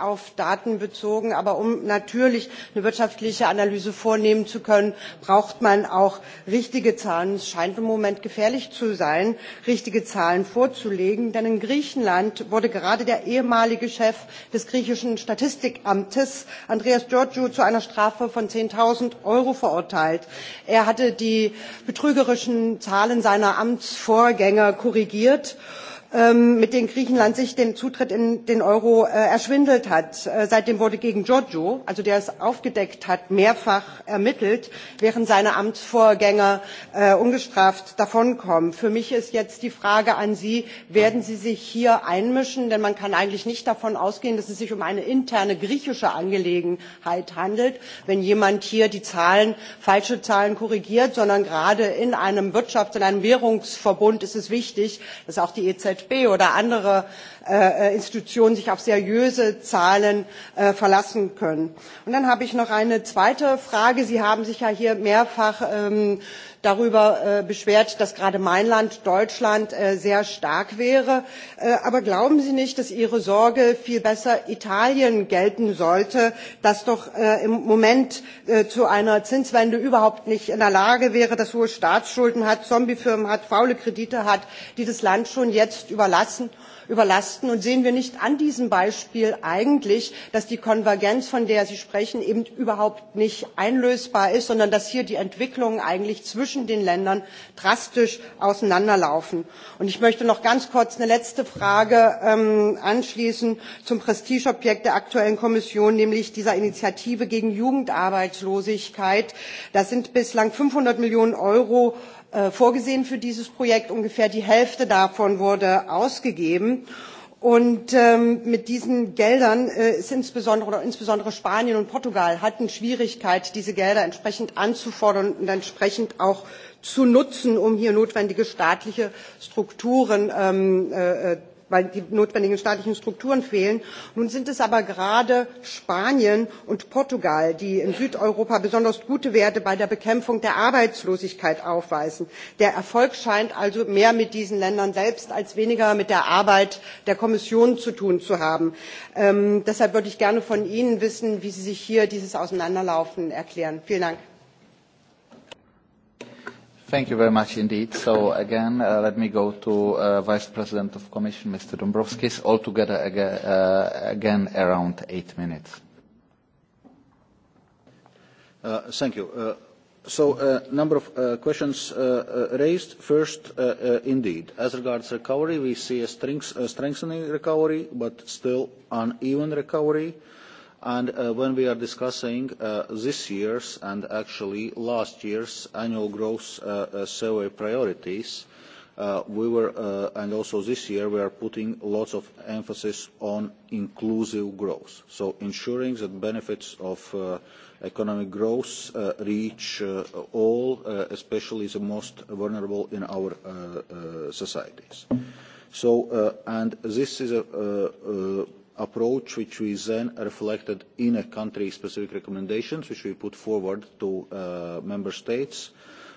auf daten bezogen aber um natürlich eine wirtschaftliche analyse vornehmen zu können braucht man auch richtige zahlen. es scheint im moment gefährlich zu sein richtige zahlen vorzulegen denn in griechenland wurde gerade der ehemalige chef des griechischen statistikamtes andreas georgiou zu einer strafe von zehn null euro verurteilt. er hatte die betrügerischen zahlen seiner vorgänger korrigiert. Ähm, mit denen Griechenland sich den Zutritt in den Euro äh, erschwindelt hat. Äh, seitdem wurde gegen Giorgio, also der es aufgedeckt hat, mehrfach ermittelt, während seine Amtsvorgänger äh, ungestraft davonkommen. Für mich ist jetzt die Frage an Sie, werden Sie sich hier einmischen? Denn man kann eigentlich nicht davon ausgehen, dass es sich um eine interne griechische Angelegenheit handelt, wenn jemand hier die Zahlen, falsche Zahlen korrigiert, sondern gerade in einem Wirtschafts-, in einem Währungsverbund ist es wichtig, dass auch die EZB ezb oder andere äh, institutionen sich auf seriöse zahlen äh, verlassen können. und dann habe ich noch eine zweite frage sie haben sich ja hier mehrfach ähm, darüber äh, beschwert dass gerade mein land deutschland äh, sehr stark wäre äh, aber glauben sie nicht dass ihre sorge viel besser italien gelten sollte das doch im moment zu einer zinswende überhaupt nicht in der lage wäre das hohe staatsschulden hat zombiefirmen hat faule kredite hat die das land schon jetzt überlasten? überlasten? Und sehen wir nicht an diesem Beispiel eigentlich, dass die Konvergenz, von der Sie sprechen, eben überhaupt nicht einlösbar ist, sondern dass hier die Entwicklungen eigentlich zwischen den Ländern drastisch auseinanderlaufen? Und ich möchte noch ganz kurz eine letzte Frage ähm, anschließen zum Prestigeobjekt der aktuellen Kommission, nämlich dieser Initiative gegen Jugendarbeitslosigkeit. Das sind bislang 500 Millionen Euro. Äh, vorgesehen für dieses Projekt. Ungefähr die Hälfte davon wurde ausgegeben. Und ähm, mit diesen Geldern äh, ist insbesondere, oder insbesondere Spanien und Portugal hatten Schwierigkeit, diese Gelder entsprechend anzufordern und entsprechend auch zu nutzen, um hier notwendige staatliche Strukturen ähm, äh, äh weil die notwendigen staatlichen Strukturen fehlen. Nun sind es aber gerade Spanien und Portugal, die in Südeuropa besonders gute Werte bei der Bekämpfung der Arbeitslosigkeit aufweisen. Der Erfolg scheint also mehr mit diesen Ländern selbst als weniger mit der Arbeit der Kommission zu tun zu haben. Ähm, deshalb würde ich gerne von Ihnen wissen, wie Sie sich hier dieses Auseinanderlaufen erklären. Vielen Dank thank you very much indeed so again uh, let me go to uh, vice president of commission mr dombrovskis altogether ag uh, again around 8 minutes uh, thank you uh, so a uh, number of uh, questions uh, uh, raised first uh, uh, indeed as regards recovery we see a, strength, a strengthening recovery but still uneven recovery uh, Uh, when we are discussing uh, this year's and actually last year's annual growth uh, survey priorities, we were and also this year, we are putting lots of emphasis on inclusive growth, so ensuring that benefits of economic growth reach all, especially the most vulnerable in our societies. This is approach, which we then reflected in a country-specific recommendations, which we put forward to uh, member states,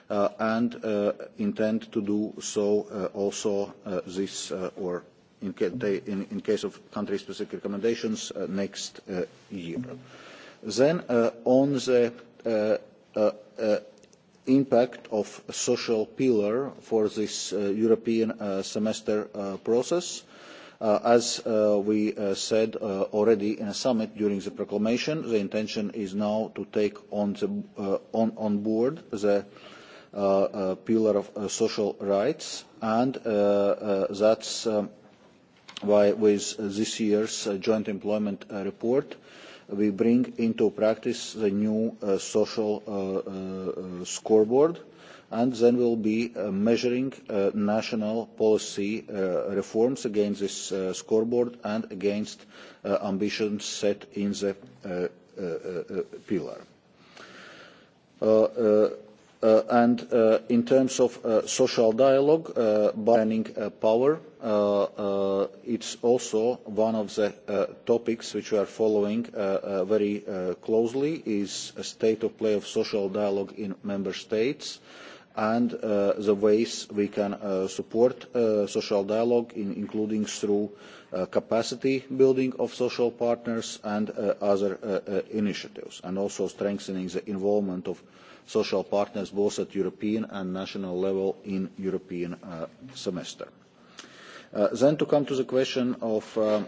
uh, and uh, intend to do so uh, also uh, this, uh, or in, ca in, in case of country-specific recommendations, uh, next uh, year. Then uh, on the uh, uh, uh, impact of social pillar for this uh, European uh, semester uh, process, uh, Uh, as uh, we uh, said uh, already in a summit during the proclamation, the intention is now to take on, the, uh, on, on board the uh, uh, pillar of uh, social rights, and uh, uh, that's um, why with this year's uh, joint employment uh, report, we bring into practice the new uh, social uh, uh, scoreboard, uh, and then we'll be uh, measuring uh, national policy uh, reforms against this uh, scoreboard and against uh, ambitions set in the uh, uh, uh, pillar. Uh, uh, uh, and uh, in terms of uh, social dialogue, uh, bargaining uh, power, uh, uh, it's also one of the uh, topics which we are following uh, uh, very uh, closely is a state of play of social dialogue in member states. Uh, and uh, the ways we can uh, support uh, social dialogue, in, including through uh, capacity building of social partners and uh, other uh, uh, initiatives, and also strengthening the involvement of social partners both at European and national level in European uh, semester. Uh, then to come to the question of uh,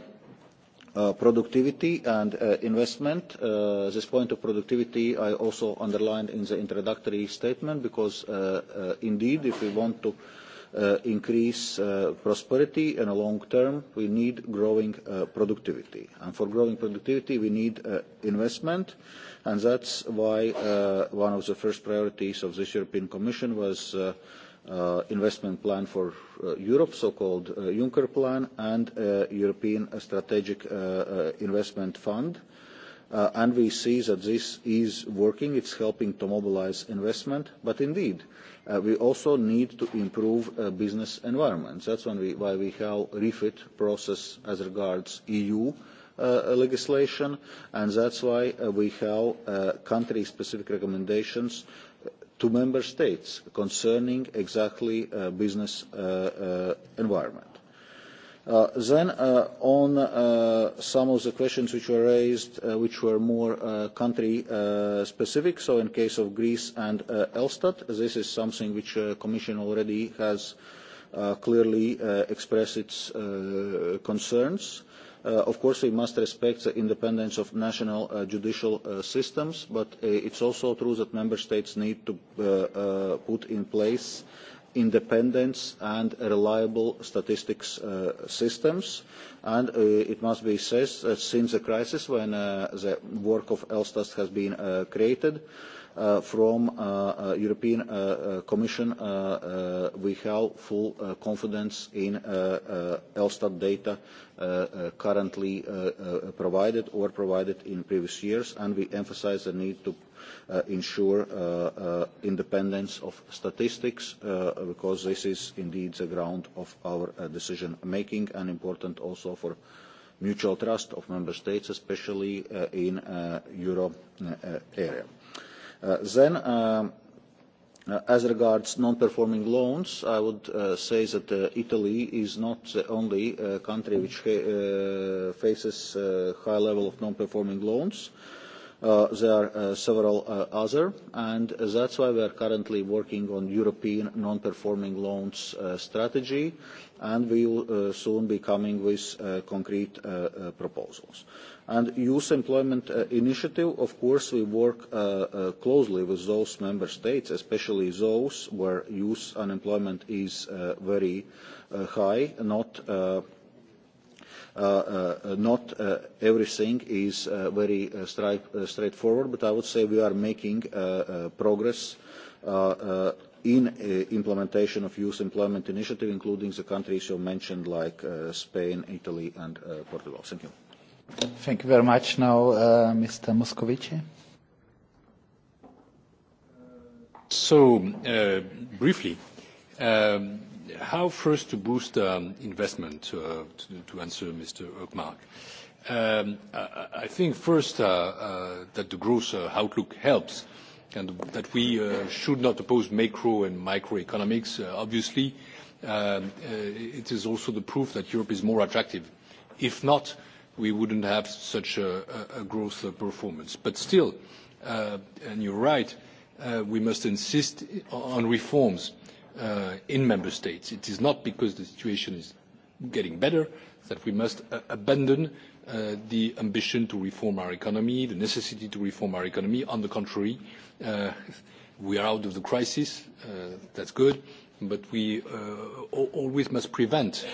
Uh, productivity and uh, investment. Uh, this point of productivity I also underlined in the introductory statement because uh, uh, indeed if we want to uh, increase uh, prosperity in a long term, we need growing uh, productivity. And for growing productivity, we need uh, investment. And that's why uh, one of the first priorities of this European Commission was uh, uh, investment plan for uh, Europe, so-called uh, Juncker plan, and uh, European Strategic uh, uh, Investment Fund. Uh, and we see that this is working. It's helping to mobilize investment. But indeed, uh, we also need to improve uh, business environment. That's when we, why we have refit process as regards EU uh, legislation. And that's why uh, we have uh, country-specific recommendations uh, to member states concerning exactly uh, business uh, uh, environment. Uh, then uh, on uh, some of the questions which were raised, uh, which were more uh, country uh, specific, so in case of Greece and uh, Elstad, this is something which the uh, Commission already has uh, clearly uh, expressed its uh, concerns. Uh, uh, of course, we must respect the independence of national uh, judicial uh, systems, but uh, it's also true that member states need to uh, uh, put in place independence and reliable statistics uh, systems. And uh, it must be said that since the crisis when uh, the work of ELSTAS has been uh, created, uh, Uh, from uh, uh, European Commission, we have full confidence in Elstat data currently provided or provided in previous years, and we emphasize the need to ensure independence of statistics because this is indeed the ground of our decision-making and important also for mutual trust of member states, especially in Euro area. Uh, then, uh, uh, as regards non-performing loans, I would say that Italy is not the only country which faces a high level of non-performing loans uh, there are uh, several uh, other, and that's why we are currently working on European non-performing loans uh, strategy, and we will uh, soon be coming with uh, concrete uh, uh, proposals. And youth employment uh, initiative, of course, we work uh, uh, closely with those member states, especially those where youth unemployment is uh, very uh, high, not uh, Uh, uh, not uh, everything is uh, very uh, stri- uh, straightforward, but I would say we are making uh, uh, progress uh, uh, in uh, implementation of youth employment initiative, including the countries you mentioned, like uh, Spain, Italy, and uh, Portugal. Thank you. Thank you very much. Now, uh, Mr. Moscovici. So, uh, briefly. Um, How first to boost um, investment, uh, to answer Mr. Hökmark. Um, I think first uh, uh, that the growth outlook helps and that we should not oppose macro and microeconomics. Obviously, um, it is also the proof that Europe is more attractive. If not, we wouldn't have such a growth performance. Still, and you're right, we must insist on reforms. Uh, in member states. it is not because the situation is getting better that we must uh, abandon uh, the ambition to reform our economy the necessity to reform our economy. on the contrary we are out of the crisis that is good but we always must prevent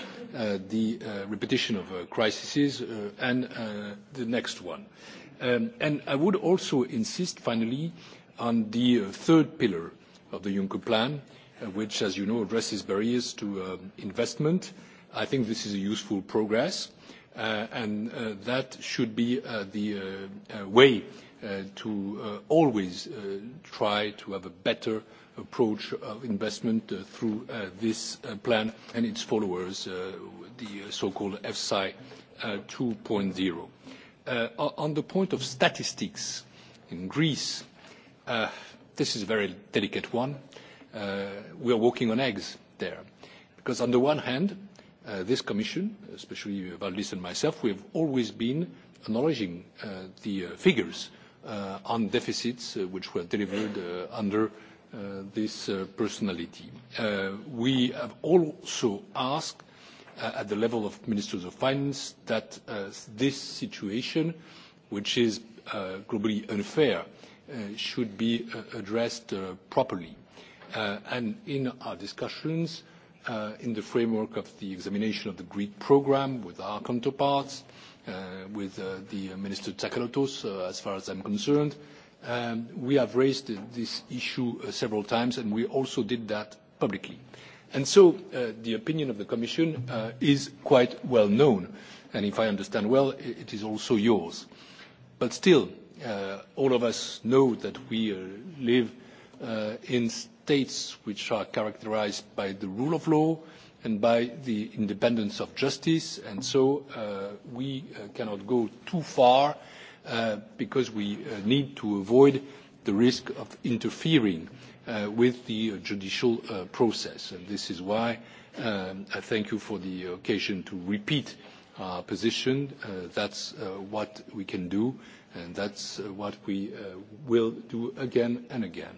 the repetition of crises and the next one. Um, i would also insist finally on the third pillar of the juncker plan Uh, which, as you know, addresses barriers to um, investment. I think this is a useful progress, uh, and uh, that should be the way to always try to have a better approach of investment through this plan and its followers, the so-called FSI 2.0. On the point of statistics in Greece, this is a very delicate one. Uh, we are walking on eggs there. Because on the one hand, uh, this commission, especially Valdis and myself, we have always been acknowledging uh, the figures on deficits which were delivered under this personality. We have also asked at the level of ministers of finance that this situation, which is globally unfair, should be addressed properly. Uh, in our discussions, uh, in the framework of the examination of the Greek program with our counterparts, uh, with the Minister Tsakalotos, as far as I'm concerned, um, we have raised this issue several times, and we also did that publicly. The opinion of the Commission is quite well known, and if I understand well, it is also yours. Still, all of us know that we live in states which are characterized by the rule of law and by the independence of justice and so uh, we uh, cannot go too far uh, because we need to avoid the risk of interfering with the judicial process and this is why um, i thank you for the occasion to repeat our position that's what we can do and that's what we will do again and again.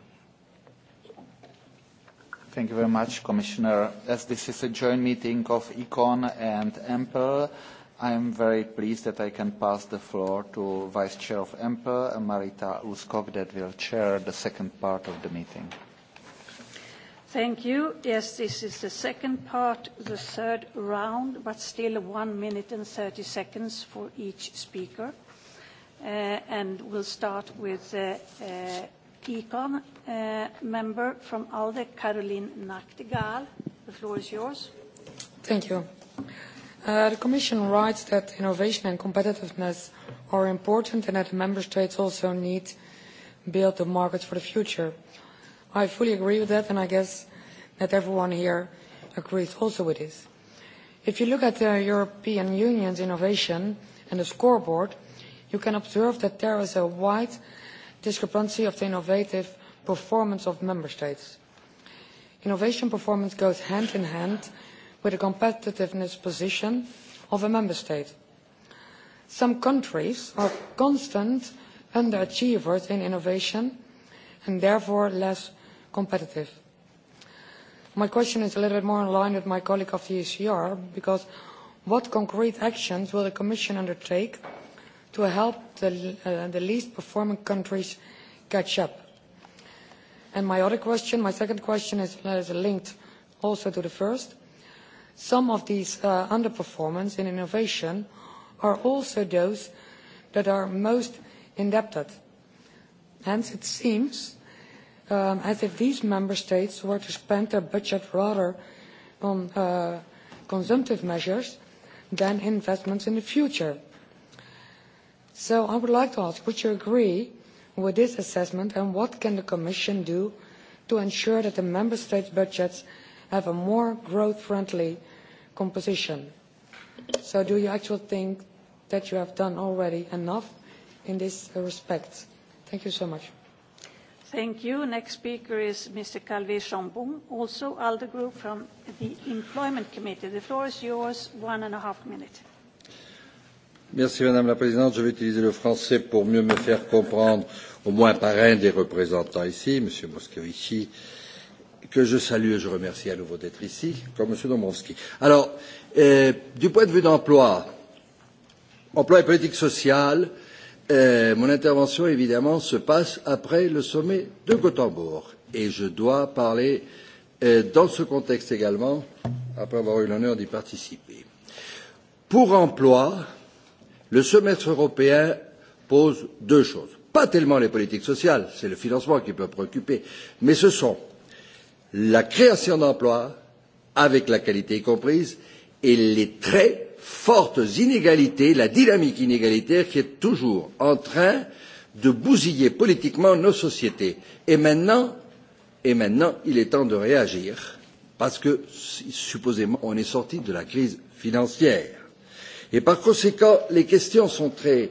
Thank you very much, Commissioner. As this is a joint meeting of ECON and EMPEL, I am very pleased that I can pass the floor to Vice Chair of EMPEL, Marita Luskov, that will chair the second part of the meeting. Thank you. Yes, this is the second part, the third round, but still one minute and 30 seconds for each speaker. Uh, and we'll start with uh, uh, Econ, eh, member from ALDE, Caroline Nachtigall. The floor is yours. Thank you. Uh, the Commission writes that innovation and competitiveness are important and that member states also need to build the markets for the future. I fully agree with that, and I guess that everyone here agrees also with this. If you look at the European Union's innovation and the scoreboard, you can observe that there is a wide discrepancy of the innovative performance of member states. innovation performance goes hand in hand with the competitiveness position of a member state. some countries are constant underachievers in innovation and therefore less competitive. my question is a little bit more in line with my colleague of the ecr because what concrete actions will the commission undertake to help uh, the least performing countries catch up. And my other question, my second question is, is linked also to the first. Some of these uh, underperformance in innovation are also those that are most indebted. Hence, it seems um, as if these member states were to spend their budget rather on uh, consumptive measures than investments in the future so i would like to ask would you agree with this assessment and what can the commission do to ensure that the member states' budgets have a more growth-friendly composition? so do you actually think that you have done already enough in this respect? thank you so much. thank you. next speaker is mr. calvé chambon, also alder group from the employment committee. the floor is yours. one and a half minutes. Merci Madame la Présidente. Je vais utiliser le français pour mieux me faire comprendre, au moins par un des représentants ici, Monsieur Moscovici, que je salue et je remercie à nouveau d'être ici, comme Monsieur Dombrovski. Alors, euh, du point de vue d'emploi, emploi et politique sociale, euh, mon intervention évidemment se passe après le sommet de Gothenburg et je dois parler euh, dans ce contexte également, après avoir eu l'honneur d'y participer. Pour emploi, euh, le semestre européen pose deux choses pas tellement les politiques sociales c'est le financement qui peut préoccuper mais ce sont la création d'emplois avec la qualité y comprise et les très fortes inégalités la dynamique inégalitaire qui est toujours en train de bousiller politiquement nos sociétés et maintenant et maintenant il est temps de réagir parce que supposément on est sorti de la crise financière et par conséquent les questions sont très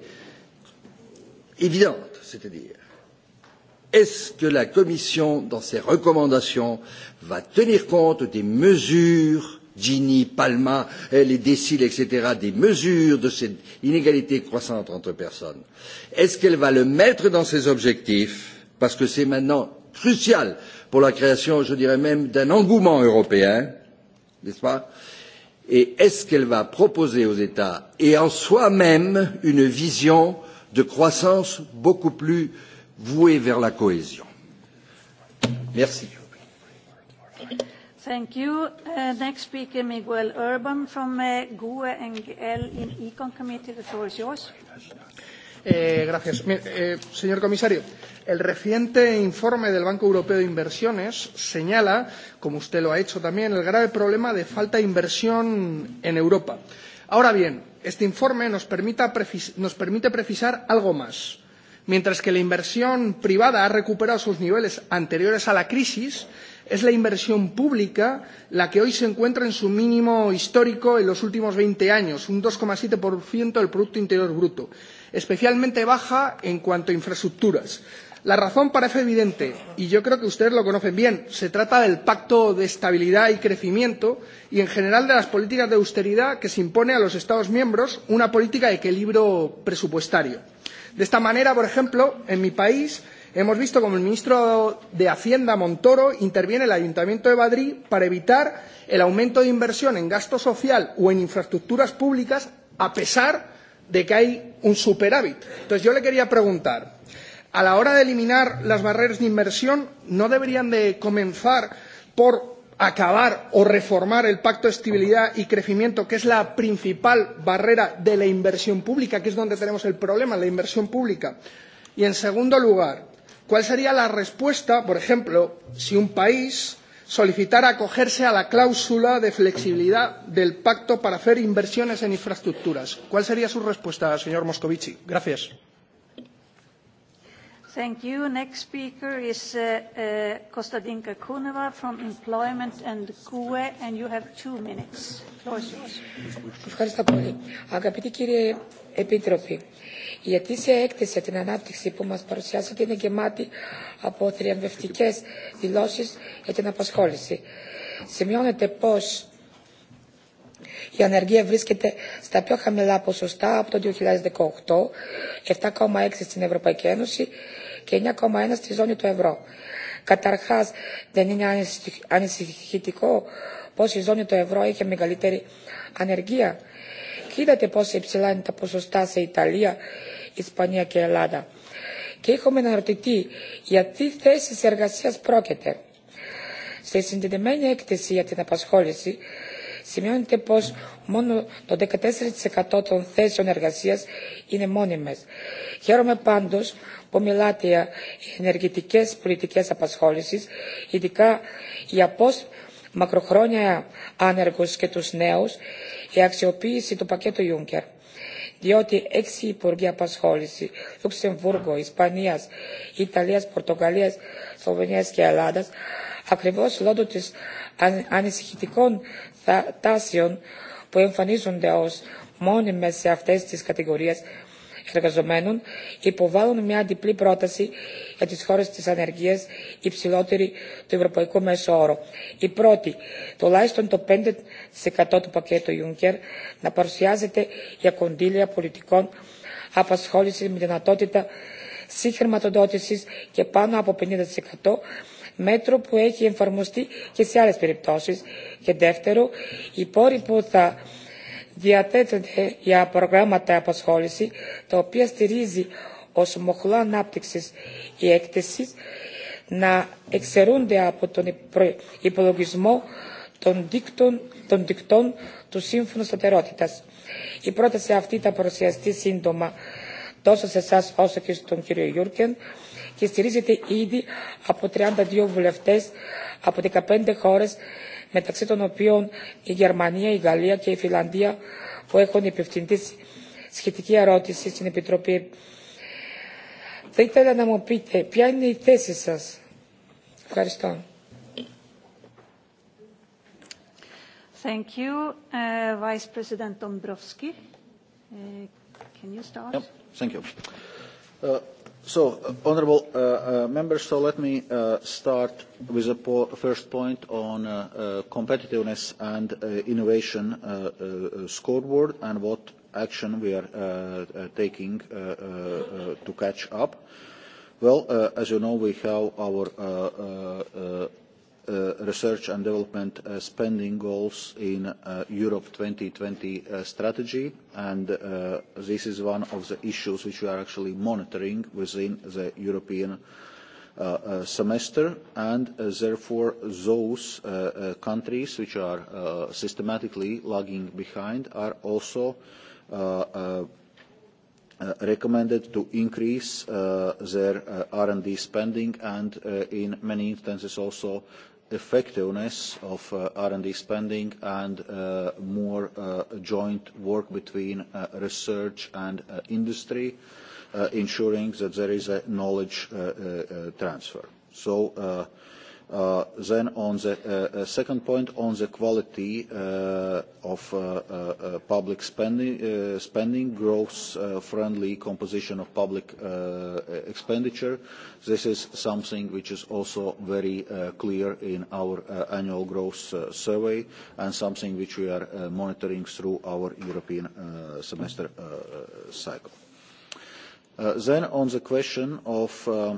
évidentes c'est à dire est ce que la commission dans ses recommandations va tenir compte des mesures Gini, Palma, les déciles, etc., des mesures de cette inégalité croissante entre personnes. Est-ce qu'elle va le mettre dans ses objectifs Parce que c'est maintenant crucial pour la création, je dirais même, d'un engouement européen, n'est-ce pas euh, et est ce qu'elle va proposer aux États et en soi même une vision de croissance beaucoup plus vouée vers la cohésion? Merci. Thank you. Uh, next speaker, Miguel Urban from uh, GUE and GL in Econ Committee. The floor is yours. Eh, gracias. Eh, señor comisario, el reciente informe del Banco Europeo de Inversiones señala, como usted lo ha hecho también, el grave problema de falta de inversión en Europa. Ahora bien, este informe nos, permita, nos permite precisar algo más. Mientras que la inversión privada ha recuperado sus niveles anteriores a la crisis, es la inversión pública la que hoy se encuentra en su mínimo histórico en los últimos 20 años, un 2,7% del Producto Interior Bruto especialmente baja en cuanto a infraestructuras. La razón parece evidente y yo creo que ustedes lo conocen bien. Se trata del pacto de estabilidad y crecimiento y, en general, de las políticas de austeridad que se impone a los Estados miembros una política de equilibrio presupuestario. De esta manera, por ejemplo, en mi país hemos visto como el ministro de Hacienda, Montoro, interviene en el Ayuntamiento de Madrid para evitar el aumento de inversión en gasto social o en infraestructuras públicas, a pesar de de que hay un superávit. Entonces yo le quería preguntar, a la hora de eliminar las barreras de inversión, ¿no deberían de comenzar por acabar o reformar el pacto de estabilidad y crecimiento, que es la principal barrera de la inversión pública, que es donde tenemos el problema, la inversión pública? Y en segundo lugar, ¿cuál sería la respuesta, por ejemplo, si un país solicitar acogerse a la cláusula de flexibilidad del pacto para hacer inversiones en infraestructuras. ¿Cuál sería su respuesta, señor Moscovici? Gracias. Thank you. Next speaker is uh, uh, Kostadinka Kuneva from Employment and CUE, and you have two minutes. Floor is yours. Η ετήσια έκθεση για την ανάπτυξη που μας παρουσιάζεται είναι γεμάτη από θριαμβευτικές δηλώσεις για την απασχόληση. Σημειώνεται πως η ανεργία βρίσκεται στα πιο χαμηλά ποσοστά από το 2018, 7,6% στην Ευρωπαϊκή Ένωση και 9,1% στη ζώνη του ευρώ. Καταρχάς, δεν είναι ανησυχητικό πως η ζώνη του ευρώ είχε μεγαλύτερη ανεργία quina ja, te posso ypsilon te posso stase Italia, Hispania que helada. Que hijo menor de ti, y a ti tesis sergasias prokete. Se sinti de meni ektesi ya την apascholisi, σημειώνεται πως μόνο το 14% των θέσεων εργασίας είναι μόνιμες. Χαίρομαι πάντως που μιλάτε για ενεργητικές πολιτικές απασχόλησης, ειδικά για πώς post- μακροχρόνια άνεργους και τους νέους, η αξιοποίηση του πακέτου Juncker. Διότι έξι υπουργοί απασχόληση, Λουξεμβούργο, Ισπανίας, Ιταλίας, Πορτογαλίας, Σλοβενίας και Ελλάδας, ακριβώς λόγω της ανησυχητικών τάσεων που εμφανίζονται ως μόνιμες σε αυτές τις κατηγορίες, resumenun y povalo nu mea dipli protasi y ja tis horas tis energies y psilotiri tu europeico meso oro. Y proti, to laiston to pendet se cató tu paqueto Juncker na parsiazete y ja a condilia politikon apascholisi mi dinatotita si χρηματοδότησης και πάνω από 50% μέτρο που έχει εφαρμοστεί και σε άλλες περιπτώσεις. Και δεύτερο, οι πόροι που θα diyatete de ya programa tapas holisi to piesti rizi os mohla naptixis i ektesis na exerunde apo ton ipologismo ton dicton ton dicton του σύμφωνο σταθερότητα. Η πρόταση αυτή θα παρουσιαστεί σύντομα τόσο σε εσά όσο και στον κύριο Γιούρκεν και στηρίζεται ήδη από 32 βουλευτέ από 15 χώρε μεταξύ των οποίων η Γερμανία, η Γαλλία και η Φιλανδία που έχουν υπευθυντής σχετική ερώτηση στην Επιτροπή. Θα ήθελα να μου πείτε ποια είναι η θέση σας. Ευχαριστώ. Thank you, uh, Vice President Dombrovski. Uh, can you start? Yep. Thank you. Uh, So, uh, honourable uh, uh, members, so let me uh, start with a po- first point on uh, uh, competitiveness and uh, innovation uh, uh, uh scoreboard and what action we are uh, uh, taking uh, uh, uh, to catch up. Well, uh, as you know, we have our uh, uh, uh, Uh, research and development uh, spending goals in uh, Europe 2020 uh, strategy, and uh, this is one of the issues which we are actually monitoring within the European uh, uh, semester, and uh, therefore those uh, uh, countries which are uh, systematically lagging behind are also uh, uh, uh, recommended to increase uh, their uh, R&D spending and uh, in many instances also effectiveness of uh, R&D spending and uh, more uh, joint work between uh, research and uh, industry, uh, ensuring that there is a knowledge uh, uh, uh transfer. So. Uh, Uh, then on the uh, uh, second point on the quality uh, of uh, uh, uh, public spending uh, spending growth uh, friendly composition of public uh, expenditure this is something which is also very uh, clear in our uh, annual growth uh, survey and something which we are uh, monitoring through our european uh, semester uh, cycle uh, then on the question of uh,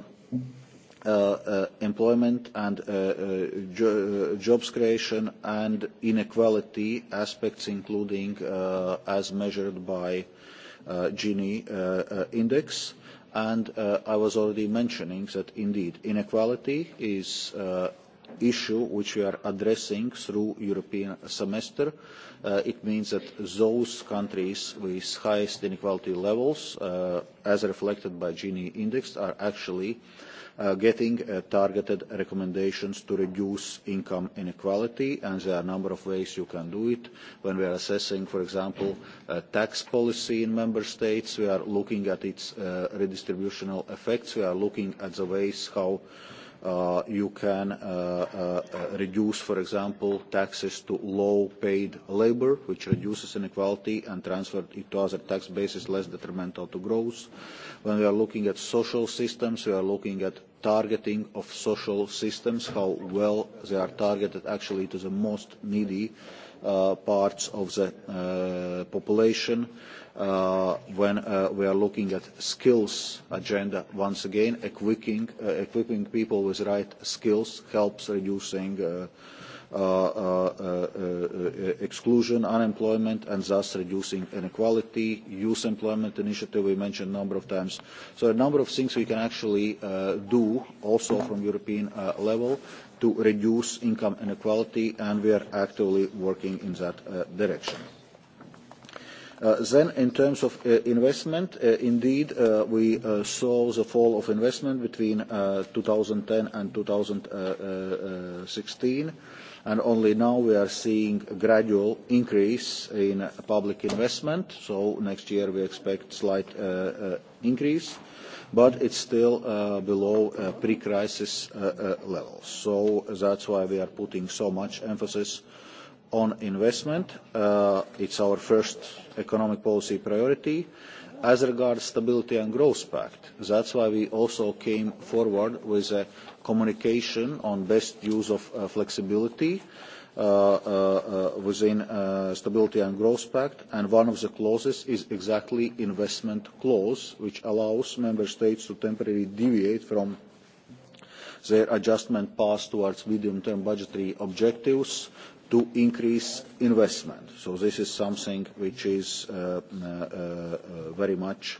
Uh, uh, employment and uh, uh, jo uh, jobs creation and inequality aspects, including uh, as measured by uh, Gini uh, uh, index. And uh, I was already mentioning that indeed inequality is an uh, issue which we are addressing through European semester. Uh, it means that those countries with highest inequality levels, uh, as reflected by Gini index, are actually uh, Uh, getting uh, targeted recommendations to reduce income inequality, and there are a number of ways you can do it. When we are assessing, for example, uh, tax policy in member states, we are looking at its uh, redistributional effects, we are looking at the ways how uh, you can uh, uh, uh reduce, for example, taxes to low-paid labor, which reduces inequality and transfer it to other tax bases less detrimental to growth. When we are looking at social systems, we are looking at targeting of social systems, how well they are targeted actually to the most needy uh, parts of the uh, population. Uh, when uh, we are looking at skills agenda, once again, equipping, uh, equipping people with right skills helps reducing uh, Uh, uh, uh, exclusion unemployment and thus reducing inequality, youth employment initiative we mentioned a number of times. So a number of things we can actually uh, do also from European uh, level to reduce income inequality and we are actively working in that uh, direction. Uh, then in terms of uh, investment, uh, indeed, uh, we uh, saw the fall of investment between uh, 2010 and 2016. Uh, uh, and only now we are seeing a gradual increase in public investment, so next year we expect slight uh, uh, increase, but it's still uh, below pre-crisis levels. So that's why we are putting so much emphasis on investment. It's our first economic policy priority, as regards stability and growth pact that's why we also came forward with a communication on best use of uh, flexibility uh, uh, uh, within uh, stability and growth pact and one of the clauses is exactly investment clause which allows member states to temporarily deviate from their adjustment path towards medium-term budgetary objectives uh, to increase investment. So this is something which is uh, uh, uh, very much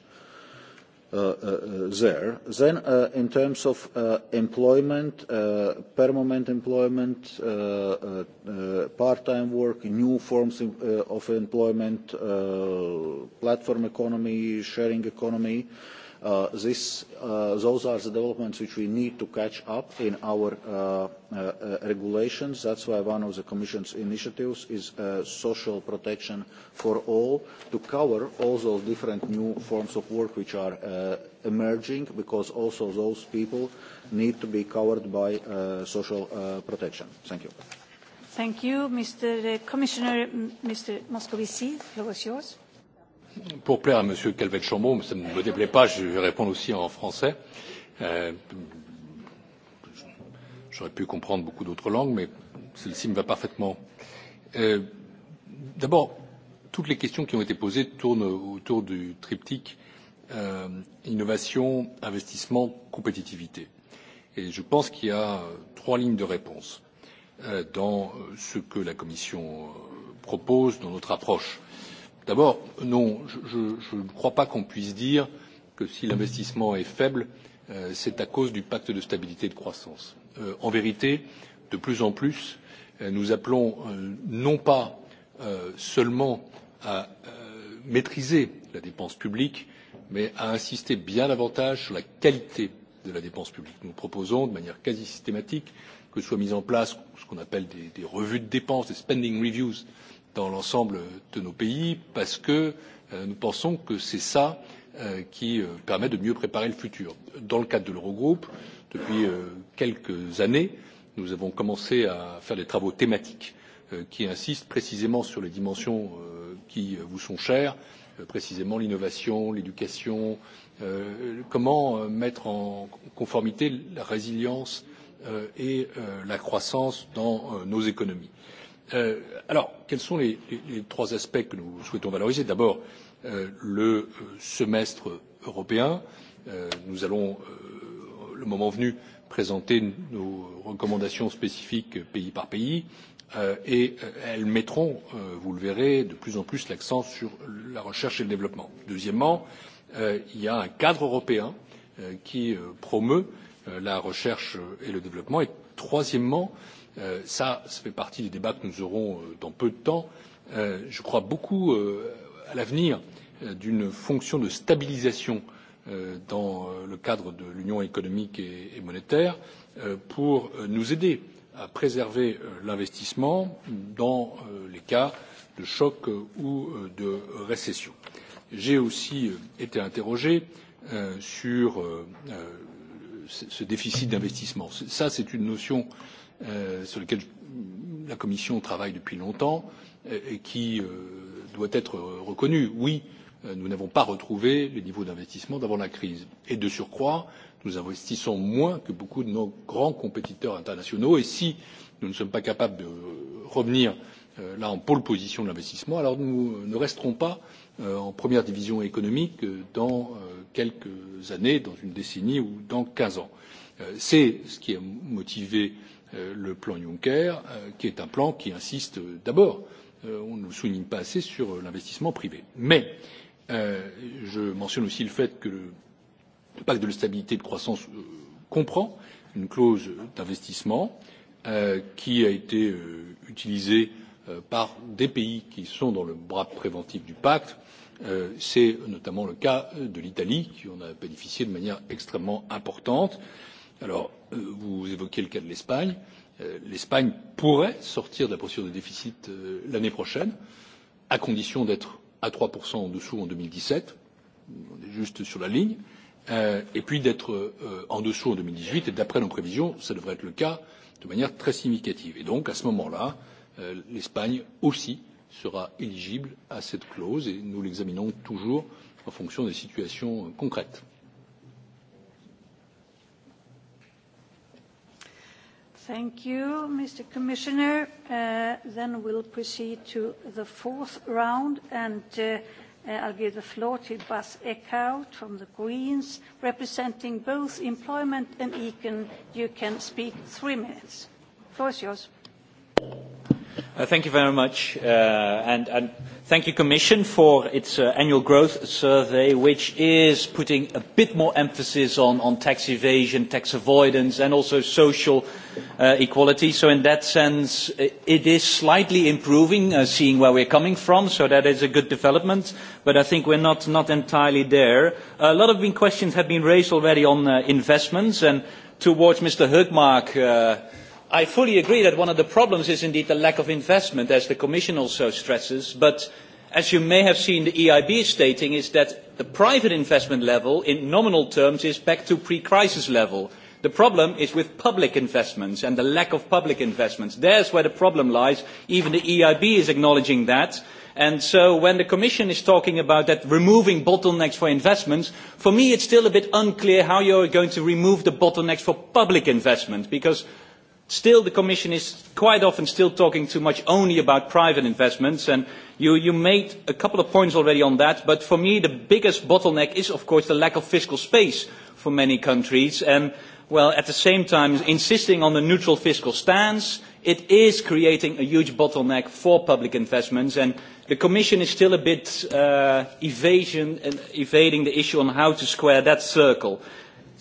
there. Then, in terms of employment, permanent employment, part-time work, new forms of employment, platform economy, sharing economy, Uh, this, uh, those are the developments which we need to catch up in our uh, regulations. That's why one of the Commission's initiatives is social protection for all, to cover all those different new forms of work which are emerging, because also those people need to be covered by social protection. Thank you. Thank you, Mr. Commissioner. Mr. Moscovici, the floor is yours pour plaire à m. calvet chambon cela ne me déplaît pas je vais répondre aussi en français euh, j'aurais pu comprendre beaucoup d'autres langues mais celle ci me va parfaitement. Euh, d'abord toutes les questions qui ont été posées tournent autour du triptyque euh, innovation investissement compétitivité et je pense qu'il y a trois lignes de réponse dans ce que la commission propose dans notre approche d'abord non je ne crois pas qu'on puisse dire que si l'investissement est faible euh, c'est à cause du pacte de stabilité et de croissance. Euh, en vérité de plus en plus euh, nous appelons non pas seulement à maîtriser la dépense publique mais à insister bien davantage sur la qualité de la dépense publique. nous proposons de manière quasi systématique que soient mises en place ce qu'on appelle des, des revues de dépenses des spending reviews dans l'ensemble de nos pays parce que euh, nous pensons que c'est cela euh, qui euh, permet de mieux préparer le futur. dans le cadre de l'eurogroupe depuis quelques années nous avons commencé à faire des travaux thématiques qui insistent précisément sur les dimensions qui vous sont chères précisément l'innovation l'éducation comment mettre en conformité la résilience et la croissance dans nos économies. Euh, alors quels sont les trois aspects que nous souhaitons valoriser? d'abord euh, le euh, semestre européen nous allons le moment venu présenter nos recommandations spécifiques pays par pays et elles mettront vous le verrez de plus en plus l'accent sur la recherche et le développement. deuxièmement il y a un cadre européen qui promeut la recherche et le développement et troisièmement cela euh, fait partie des débats que nous aurons euh, dans peu de temps. Euh, je crois beaucoup à l'avenir d'une fonction de stabilisation dans le cadre de l'union économique et monétaire pour nous aider à préserver l'investissement dans les cas de choc ou de récession. j'ai aussi été interrogé sur ce déficit d'investissement. c'est une notion Euh, sur lequel la commission travaille depuis longtemps euh, et qui euh, doit être reconnu oui nous n'avons pas retrouvé le niveau d'investissement d'avant la crise et de surcroît nous investissons moins que beaucoup de nos grands compétiteurs internationaux et si nous ne sommes pas capables de revenir là en pole position de l'investissement alors nous ne resterons pas en première division économique dans quelques années dans une décennie ou dans quinze ans. c'est ce qui a motivé Euh, le plan juncker euh, qui est un plan qui insiste d'abord euh, on ne le souligne pas assez sur l'investissement privé mais je mentionne aussi le fait que le pacte de stabilité et de croissance comprend une clause d'investissement qui a été utilisée par des pays qui sont dans le bras préventif du pacte c'est notamment le cas de l'italie qui en a bénéficié de manière extrêmement importante alors euh, vous évoquez le cas de l'espagne euh, l'espagne pourrait sortir de la procédure de déficit euh, l'année prochaine à condition d'être à trois en dessous en deux mille dix sept on est juste sur la ligne et puis d'être en dessous en deux mille dix huit et d'après nos prévisions ça devrait être le cas de manière très significative et donc à ce moment là l'espagne aussi sera éligible à cette clause et nous l'examinons toujours en fonction des situations concrètes. Thank you, Mr. Commissioner. Uh, then we'll proceed to the fourth round, and uh, uh, I'll give the floor to Bas Eckhout from the Greens, representing both employment and Econ. You can speak three minutes. Floor is yours. Thank you very much. And thank you commission for its uh, annual growth survey which is putting a bit more emphasis on, on tax evasion tax avoidance and also social uh, equality so in that sense it is slightly improving uh, seeing where we're coming from so that is a good development but i think we're not not entirely there a lot of questions have been raised already on uh, investments and towards mr hugmark uh, i fully agree that one of the problems is indeed the lack of investment as the commission also stresses but as you may have seen the eib stating is that the private investment level in nominal terms is back to pre crisis level the problem is with public investments and the lack of public investments there's where the problem lies even the eib is acknowledging that and so when the commission is talking about that removing bottlenecks for investments for me it's still a bit unclear how you're going to remove the bottlenecks for public investment because still the commission is quite often still talking too much only about private investments and you, you made a couple of points already on that but for me the biggest bottleneck is of course the lack of fiscal space for many countries and well at the same time insisting on the neutral fiscal stance it is creating a huge bottleneck for public investments and the commission is still a bit uh, evasion, uh, evading the issue on how to square that circle.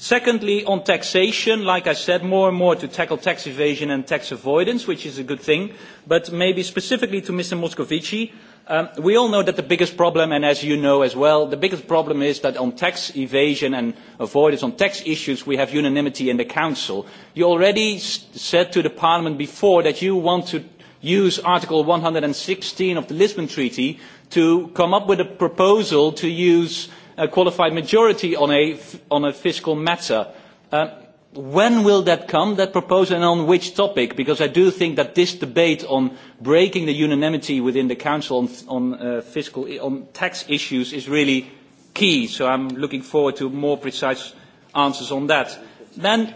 Secondly, on taxation, like I said, more and more to tackle tax evasion and tax avoidance, which is a good thing. But maybe specifically to Mr. Moscovici, um, we all know that the biggest problem, and as you know as well, the biggest problem is that on tax evasion and avoidance, on tax issues, we have unanimity in the Council. You already said to the Parliament before that you want to use Article 116 of the Lisbon Treaty to come up with a proposal to use – a qualified majority on a, on a fiscal matter. Uh, when will that come, that proposal, and on which topic? Because I do think that this debate on breaking the unanimity within the Council on, on, uh, fiscal, on tax issues is really key, so I'm looking forward to more precise answers on that. Then,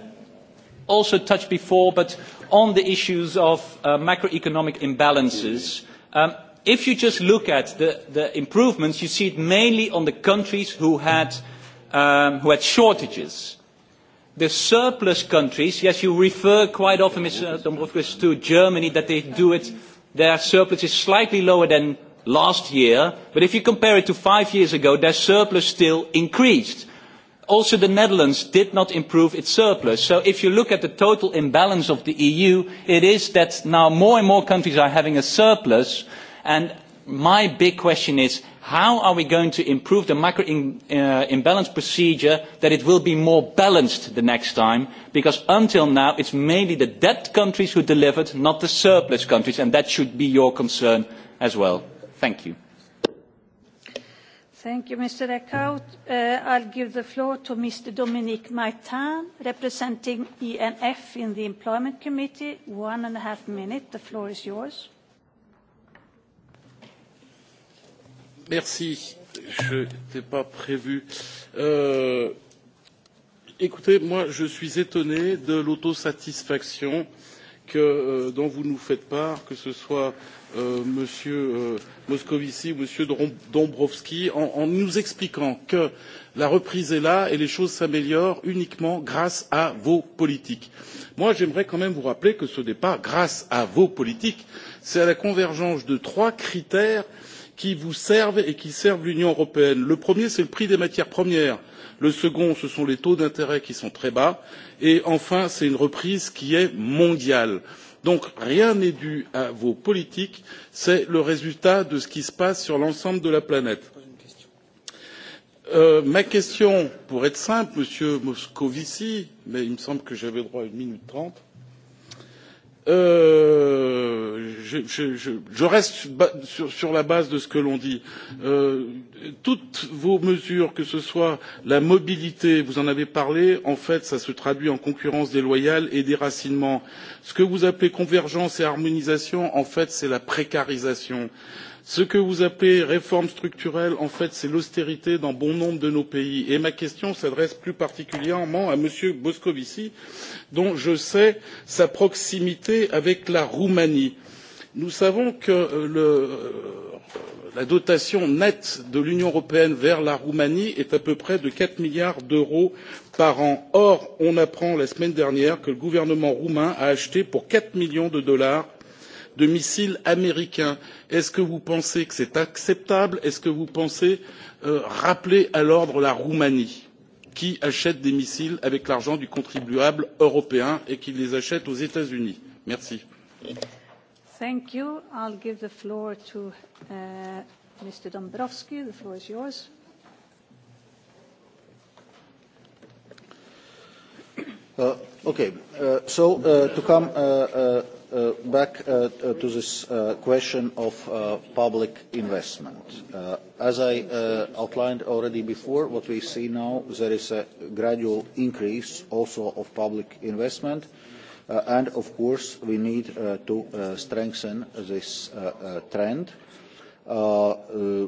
also touched before, but on the issues of uh, macroeconomic imbalances, um, if you just look at the, the improvements, you see it mainly on the countries who had, um, who had shortages. The surplus countries, yes, you refer quite often, Mr. Dombrovskis, uh, to Germany, that they do it, their surplus is slightly lower than last year, but if you compare it to five years ago, their surplus still increased. Also, the Netherlands did not improve its surplus. So if you look at the total imbalance of the EU, it is that now more and more countries are having a surplus, uh, and my big question is how are we going to improve the macro uh, imbalance procedure so that it will be more balanced the next time because until now it is mainly the debt countries who delivered not the surplus countries and that should be your concern as well. thank you. Thank you, Mr. Eckhout. Uh, I'll give the floor to Mr. Dominique Maitan, representing ENF in the Employment Committee. One and a half minute. The floor is yours. je n'étais pas prévu euh, écoutez moi je suis étonné de l'autosatisfaction euh, dont vous nous faites part que ce soit euh, m. moscovici ou m. dombrovskis en nous expliquant que la reprise est là et les choses s'améliorent uniquement grâce à vos politiques. moi j'aimerais quand même vous rappeler que ce n'est pas grâce à vos politiques c'est à la convergence de trois critères qui qui vous servent et qui servent l'union européenne. le premier c'est le prix des matières premières le second ce sont les taux d'intérêt qui sont très bas et enfin c'est une reprise qui est mondiale. donc rien n'est dû à vos politiques c'est le résultat de ce qui se passe sur l'ensemble de la planète. Euh, ma question pour être simple monsieur moscovici mais il me semble que j'avais droit à une minute trente Euh, je, je, je reste sur, sur la base de ce que l'on dit. Euh, toutes vos mesures, que ce soit la mobilité, vous en avez parlé, en fait, ça se traduit en concurrence déloyale et déracinement. Ce que vous appelez convergence et harmonisation, en fait, c'est la précarisation ce que vous appelez réforme structurelle en fait c'est l'austérité dans bon nombre de nos pays et ma question s'adresse plus particulièrement à m. moscovici dont je sais sa proximité avec la roumanie. nous savons que euh, le, euh, la dotation nette de l'union européenne vers la roumanie est à peu près de quatre milliards d'euros par an. or on apprend la semaine dernière que le gouvernement roumain a acheté pour quatre millions de dollars de missiles américains. est ce que vous pensez que c'est acceptable? est ce que vous pensez euh, rappeler à l'ordre la roumanie qui achète des missiles avec l'argent du contribuable européen et qui les achète aux états unis? merci. Uh, back uh, uh, to this uh, question of uh, public investment. Uh, as I uh, outlined already before, what we see now, there is a gradual increase also of public investment. Uh, and of course, we need uh, to uh, strengthen this uh, uh, trend. Uh, uh,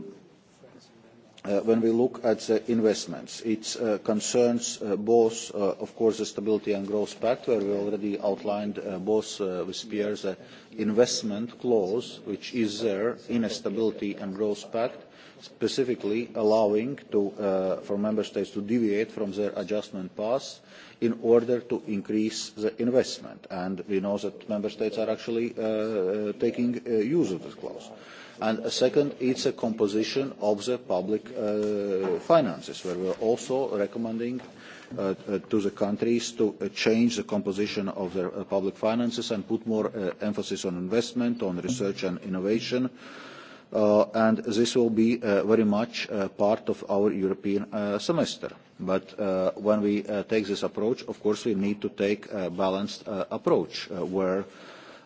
Uh, when we look at the investments, it uh, concerns uh, both, uh, of course, the Stability and Growth Pact, where we already outlined uh, both uh, with Pierre the investment clause, which is there in a Stability and Growth Pact, specifically allowing to, uh, for Member States to deviate from their adjustment path in order to increase the investment. And we know that Member States are actually uh, uh, taking uh, use of this clause. Uh, And a second, it's a composition of the public uh, finances, where we're also recommending uh, uh, to the countries to uh, change the composition of their uh, public finances and put more uh, emphasis on investment, on research and innovation. Uh, and this will be uh, very much uh, part of our European uh, semester. But uh, when we uh, take this approach, of course, we need to take a balanced uh, approach uh, where uh,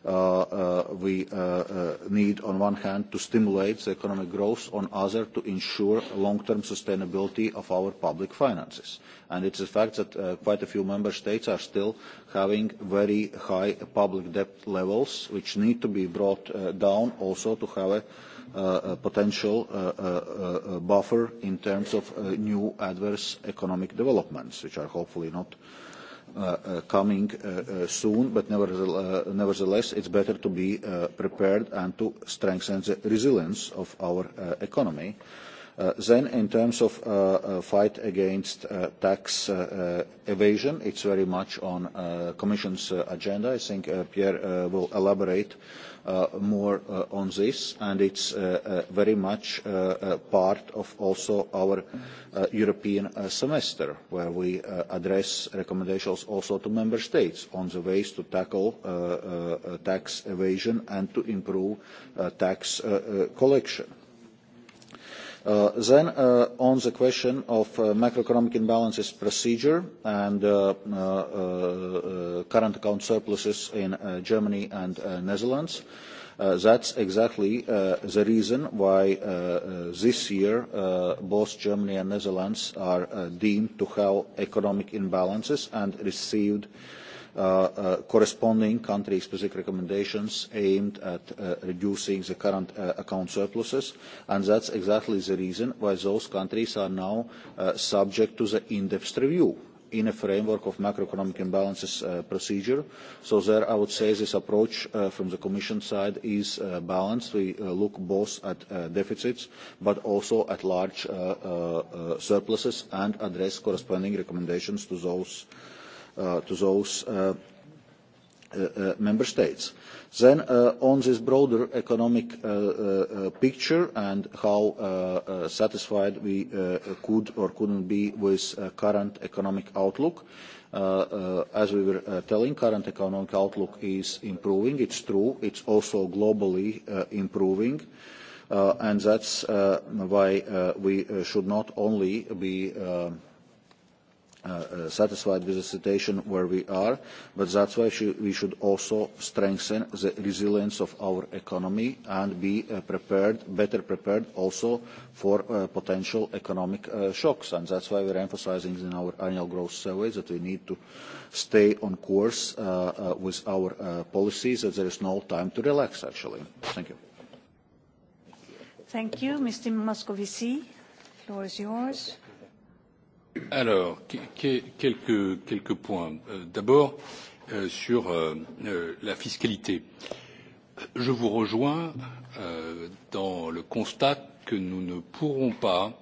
Uh, uh, we uh, uh, need on one hand to stimulate the economic growth, on other to ensure long-term sustainability of our public finances. And it's a fact that uh, quite a few member states are still having very high public debt levels, which need to be brought uh, down also to have a, uh, a potential uh, uh, uh, buffer in terms of uh, new adverse economic developments, which are hopefully not uh, Uh, uh, coming uh, uh, soon, but nevertheless, uh, nevertheless it is better to be uh, prepared and to strengthen the resilience of our uh, economy. Uh, then uh, in terms of uh, uh, fight against uh, tax uh, uh, evasion, it's very much on uh, commission's uh, agenda. i think uh, pierre uh, will elaborate uh, more uh, on this, and it's uh, uh, very much uh, uh, part of also our uh, european uh, semester, where we uh, address recommendations also to member states on the ways to tackle uh, uh, tax evasion and to improve uh, tax uh, uh, collection. Uh, then uh, on the question of uh, macroeconomic imbalances procedure and uh, uh, uh, current account surpluses in uh, Germany and uh, Netherlands, uh, that's exactly uh, the reason why uh, uh, this year uh, both Germany and Netherlands are uh, deemed to have economic imbalances and received uh, Uh, uh, corresponding country-specific recommendations aimed at uh, reducing the current uh, account surpluses, and that's exactly the reason why those countries are now uh, subject to the in-depth review in a framework of macroeconomic imbalances uh, procedure. So there, I would say this approach uh, from the Commission side is uh, balanced. We uh, look both at uh, deficits, but also at large uh, uh, uh surpluses and address corresponding recommendations to those uh, uh, to those uh, uh, uh, member states. Then uh, on this broader economic uh, uh, uh, picture and how uh, uh, satisfied we uh, could or couldn't be with uh, current economic outlook, uh, uh, as we were uh, telling, current economic outlook is improving. It's true. It's also globally uh, improving. Uh, and that's uh, why uh, we uh, should not only be uh, Uh, uh, satisfied with the situation where we are, but that's why sh- we should also strengthen the resilience of our economy and be uh, prepared, better prepared also for uh, potential economic uh, shocks. And that's why we're emphasizing in our annual growth survey that we need to stay on course uh, uh, with our uh, policies, that there is no time to relax, actually. Thank you. Thank you, Mr. Moscovici. The floor is yours. Okay quelques points euh, d'abord euh, sur euh, la fiscalité je vous rejoins dans le constat que nous ne pourrons pas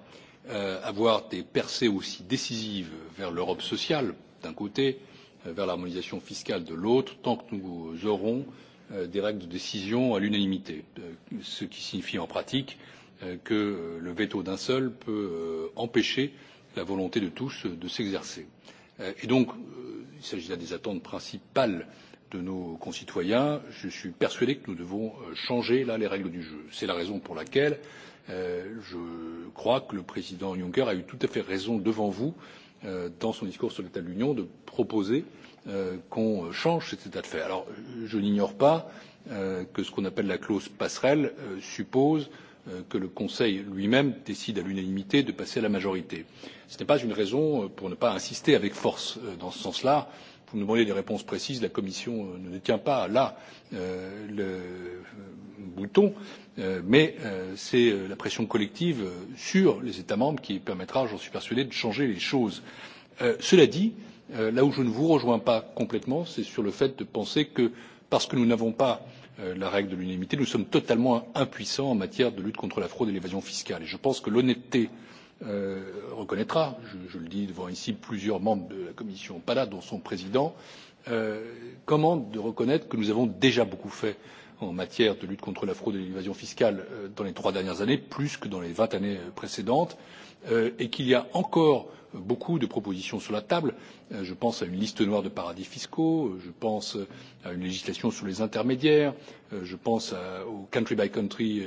avoir des percées aussi décisives vers l'europe sociale d'un côté vers l'harmonisation fiscale de l'autre tant que nous aurons des règles de décision à l'unanimité ce qui signifie en pratique que le veto d'un seul peut empêcher la volonté de tous euh, de s'exercer. Euh, euh, il s'agit là des attentes principales de nos concitoyens. je suis persuadé que nous devons changer les règles du jeu. c'est la raison pour laquelle je crois que le président juncker a eu tout à fait raison devant vous dans son discours sur l'état de l'union de proposer qu'on change cet état de fait. alors je n'ignore pas que ce qu'on appelle la clause passerelle suppose Euh, que le conseil lui même décide à l'unanimité de passer à la majorité. ce n'est pas une raison euh, pour ne pas insister avec force euh, dans ce sens là. vous me demandez des réponses précises la commission ne détient pas là le bouton mais c'est la pression collective sur les états membres qui permettra j'en suis persuadé de changer les choses. cela dit là où je ne vous rejoins pas complètement c'est sur le fait de penser que parce que nous n'avons Euh, la règle de l'unanimité nous sommes totalement impuissants en matière de lutte contre la fraude et l'évasion fiscales et je pense que l'honnêteté euh, reconnaîtra je le dis devant ici plusieurs membres de la commission pana dont son président euh, comment ne pas reconnaître que nous avons déjà beaucoup fait? en matière de lutte contre la fraude et l'évasion fiscale euh, dans les trois dernières années plus que dans les vingt années précédentes euh, et qu'il y a encore beaucoup de propositions sur la table euh, je pense à une liste noire de paradis fiscaux je pense à une législation sur les intermédiaires je pense au country by country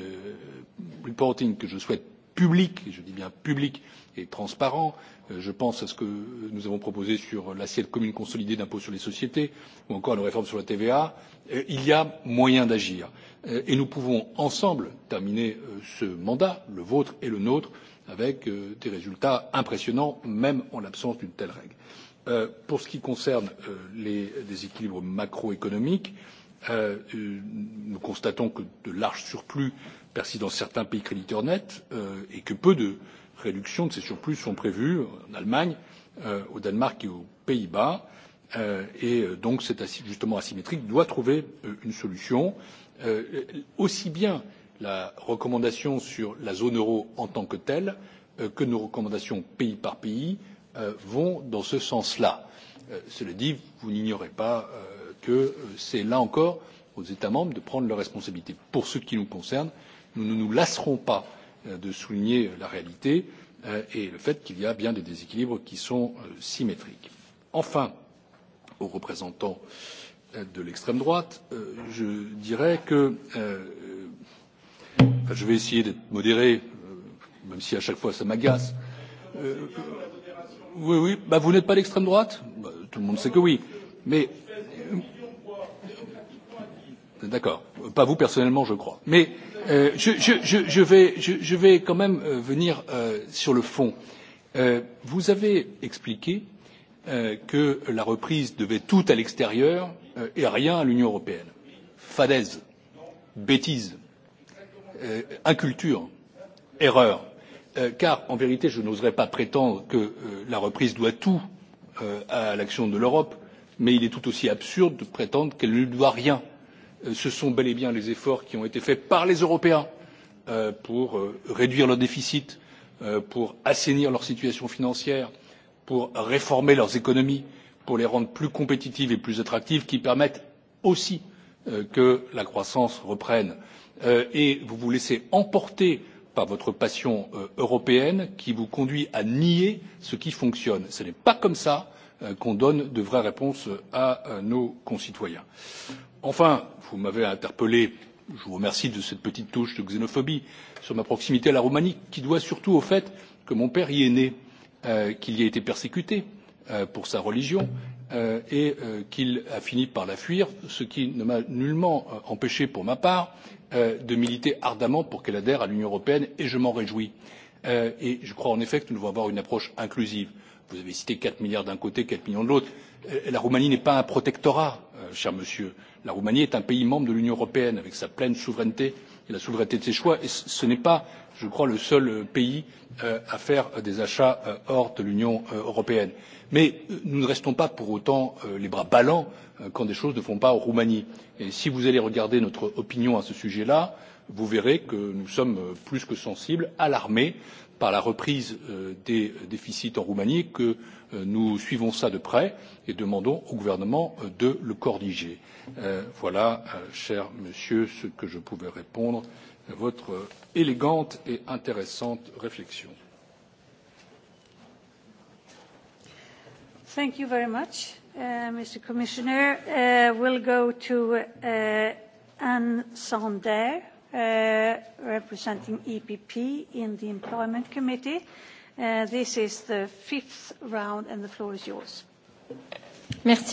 reporting que je souhaite public et je dis bien public et transparent je pense à ce que nous avons proposé sur l'assiette commune consolidée d'impôt sur les sociétés ou encore à nos réformes sur la tva euh, il y a moyen d'agir euh, et nous pouvons ensemble terminer euh, ce mandat le vôtre et le nôtre avec des résultats impressionnants même en l'absence d'une telle règle. pour ce qui concerne les déséquilibres macroéconomiques nous constatons que de larges surplus persistent dans certains pays créditeurs nets et que peu réductions de ces surplus sont prévues en allemagne euh, au danemark et aux pays bas euh, et euh, donc cet ajustement asymétrique doit trouver une solution. aussi bien la recommandation sur la zone euro en tant que telle que nos recommandations pays par pays vont dans ce sens là. cela dit vous n'ignorez pas que c'est là encore aux états membres de prendre leurs responsabilités. pour ce qui nous concerne nous ne nous lasserons Euh, de souligner la réalité euh, et le fait qu'il y a bien des déséquilibres qui sont euh, symétriques. enfin aux représentants de l'extrême droite je dirais que enfin, je vais essayer d'être modéré même si à chaque fois ça m'agace euh, oui, oui, bah, vous n'êtes pas l'extrême droite bah, Tout le monde sait que oui. Mais d'accord pas vous personnellement je crois mais euh, je vais quand même euh, venir euh, sur le fond. vous avez expliqué que la reprise devait tout à l'extérieur et rien à l'union européenne. fadaise bêtise inculture erreur car en vérité je n'oserais pas prétendre que la reprise doit tout à l'action de l'europe mais il est tout aussi absurde de prétendre qu'elle ne doit rien. Euh, ce sont bel et bien les efforts qui ont été faits par les européens euh, pour euh, réduire leur déficit pour assainir leur situation financière pour réformer leurs économies pour les rendre plus compétitives et plus attractives qui permettent aussi que la croissance reprenne. et vous vous laissez emporter par votre passion européenne qui vous conduit à nier ce qui fonctionne. ce n'est pas comme cela qu'on donne de vraies réponses à nos concitoyens enfin vous m'avez interpellé je vous remercie de cette petite touche de xénophobie sur ma proximité à la roumanie qui doit surtout au fait que mon père y est né euh, qu'il y a été persécuté euh, pour sa religion euh, et qu'il a fini par la fuir ce qui ne m'a nullement empêché pour ma part de militer ardemment pour qu'elle adhère à l'union européenne et je m'en réjouis. et je crois en effet que nous devons avoir une approche inclusive. vous avez cité quatre milliards d'un côté quatre millions de l'autre. la roumanie n'est pas un protectorat cher monsieur la roumanie est un pays membre de l'union européenne avec sa pleine souveraineté et la souveraineté de ses choix et ce n'est pas je crois le seul euh, pays euh, à faire euh, des achats hors de l'union européenne. mais nous ne restons pas pour autant les bras ballants quand des choses ne vont pas en roumanie et si vous allez regarder notre opinion à ce sujet là vous verrez que nous sommes plus que sensibles alarmés par la reprise euh, des déficits en roumanie que euh, nous suivons cela de près et demandons au gouvernement euh, de le corriger. voilà cher monsieur ce que je pouvais répondre à votre élégante et intéressante réflexion. thank you very much uh, mr commissioner uh, we'll go to uh, anne sander. Uh, representing EPP in the Employment Committee. Uh, this is the fifth round and the floor is yours.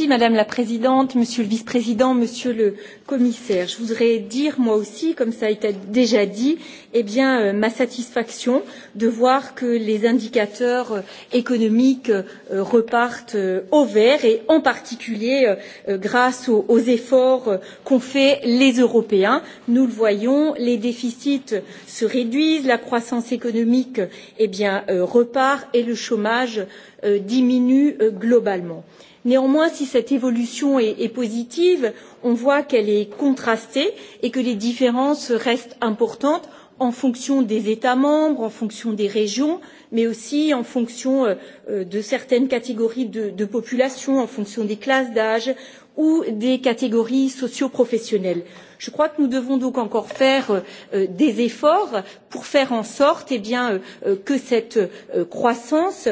Madame la Présidente, Monsieur le Vice Président, Monsieur le Commissaire, je voudrais dire moi aussi, comme ça a été déjà dit, eh bien, euh, ma satisfaction de voir que les indicateurs euh, économiques euh, repartent au vert et en particulier grâce aux efforts qu'ont fait les Européens. Nous le voyons, les déficits se réduisent, la croissance économique eh bien, repart et le chômage diminue globalement. Néanmoins, si cette évolution est, est positive, on voit qu'elle est contrastée et que les différences restent importantes en fonction des États membres, en fonction des régions, mais aussi en fonction euh, euh, de certaines catégories de, de population, en fonction des classes d'âge ou des catégories socio-professionnelles. Je crois que nous devons donc encore faire euh, des efforts pour faire en sorte eh bien, que cette croissance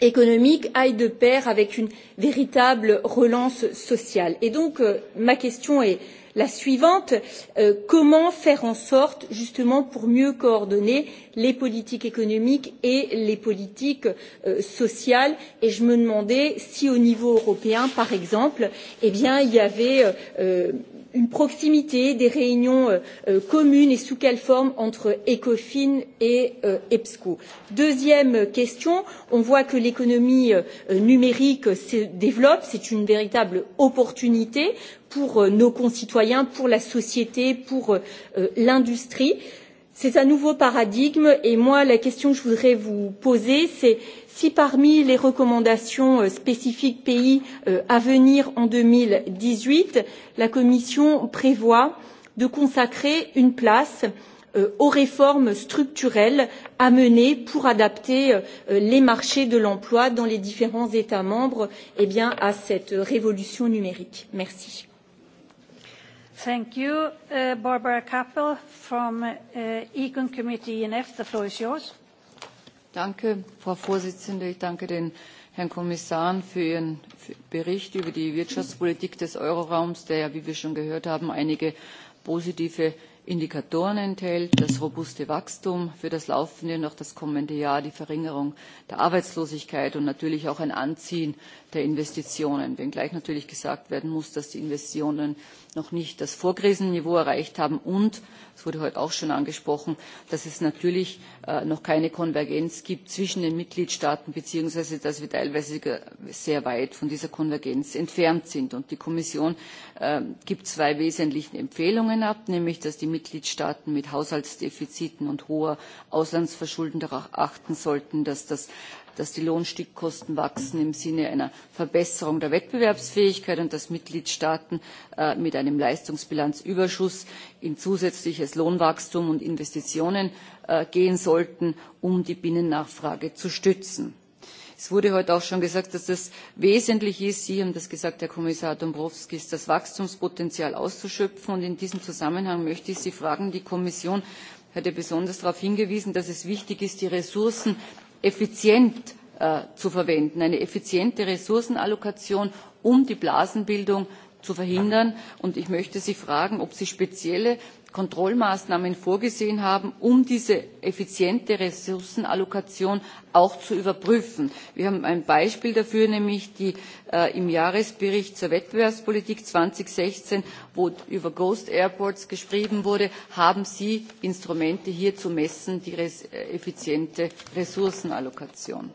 économique aille de pair avec une véritable relance sociale. Et donc, euh, ma question est la suivante euh, comment faire en sorte, justement, pour mieux coordonner les politiques économiques et les politiques euh, sociales Et je me demandais si, au niveau européen, par exemple, eh bien, il y avait euh, une proximité, des réunions euh, euh, communes et sous quelle forme entre ECOFIN et euh, EPSCO. Deuxième question, on voit que l'économie numérique se développe, c'est une véritable opportunité pour nos concitoyens, pour la société, pour l'industrie. C'est un nouveau paradigme et moi, la question que je voudrais vous poser, c'est Si parmi les recommandations euh, spécifiques pays euh, à venir en 2018, la Commission prévoit de consacrer une place euh, aux réformes structurelles à mener pour adapter les marchés de l'emploi dans les différents États membres eh bien, à cette révolution numérique. Merci. Thank you, uh, Barbara Kappel from uh, Econ Committee ENF. The floor is yours frau präsidentin! ich danke den herren kommissaren für ihren bericht über die wirtschaftspolitik des euroraums der ja wie wir schon gehört haben einige positive indikatoren enthält das robuste wachstum für das laufende und auch das kommende jahr die verringerung der arbeitslosigkeit und natürlich auch ein anziehen der investitionen wenngleich natürlich gesagt werden muss dass die investitionen noch nicht das Vorkrisenniveau erreicht haben und es wurde heute auch schon angesprochen, dass es natürlich äh, noch keine Konvergenz gibt zwischen den Mitgliedstaaten bzw. dass wir teilweise sehr weit von dieser Konvergenz entfernt sind. Und die Kommission äh, gibt zwei wesentliche Empfehlungen ab, nämlich dass die Mitgliedstaaten mit Haushaltsdefiziten und hoher Auslandsverschuldung darauf achten sollten, dass das dass die Lohnstückkosten wachsen im Sinne einer Verbesserung der Wettbewerbsfähigkeit und dass Mitgliedstaaten äh, mit einem Leistungsbilanzüberschuss in zusätzliches Lohnwachstum und Investitionen äh, gehen sollten, um die Binnennachfrage zu stützen. Es wurde heute auch schon gesagt, dass das wesentlich ist, Sie haben das gesagt, Herr Kommissar Dombrovskis, das Wachstumspotenzial auszuschöpfen. Und in diesem Zusammenhang möchte ich Sie fragen, die Kommission hat ja besonders darauf hingewiesen, dass es wichtig ist, die Ressourcen effizient äh, zu verwenden eine effiziente ressourcenallokation um die blasenbildung zu verhindern und ich möchte sie fragen ob sie spezielle kontrollmaßnahmen vorgesehen haben um diese effiziente ressourcenallokation auch zu überprüfen. wir haben ein beispiel dafür nämlich die äh, im jahresbericht zur wettbewerbspolitik zweitausendsechzehn wo über ghost airports geschrieben wurde haben sie instrumente hier zu messen die äh, effiziente ressourcenallokation?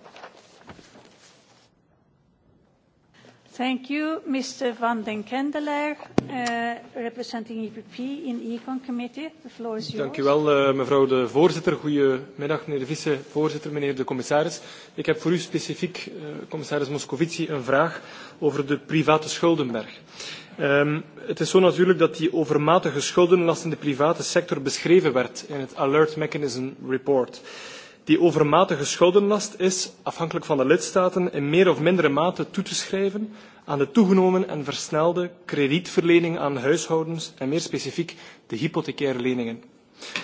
Thank you, Mr. van den Kendeler, uh, representing EPP in Econ Committee. The floor is yours. Dank u wel, uh, mevrouw de voorzitter. Goedemiddag, meneer de vicevoorzitter, meneer de commissaris. Ik heb voor u specifiek, uh, commissaris Moscovici, een vraag over de private schuldenberg. Um, het is zo natuurlijk dat die overmatige schuldenlast in de private sector beschreven werd in het Alert Mechanism Report. Uh, die overmatige schuldenlast is, afhankelijk van de lidstaten, in meer of mindere mate toe te schrijven aan de toegenomen en versnelde kredietverlening aan huishoudens en meer specifiek de hypothecaire leningen.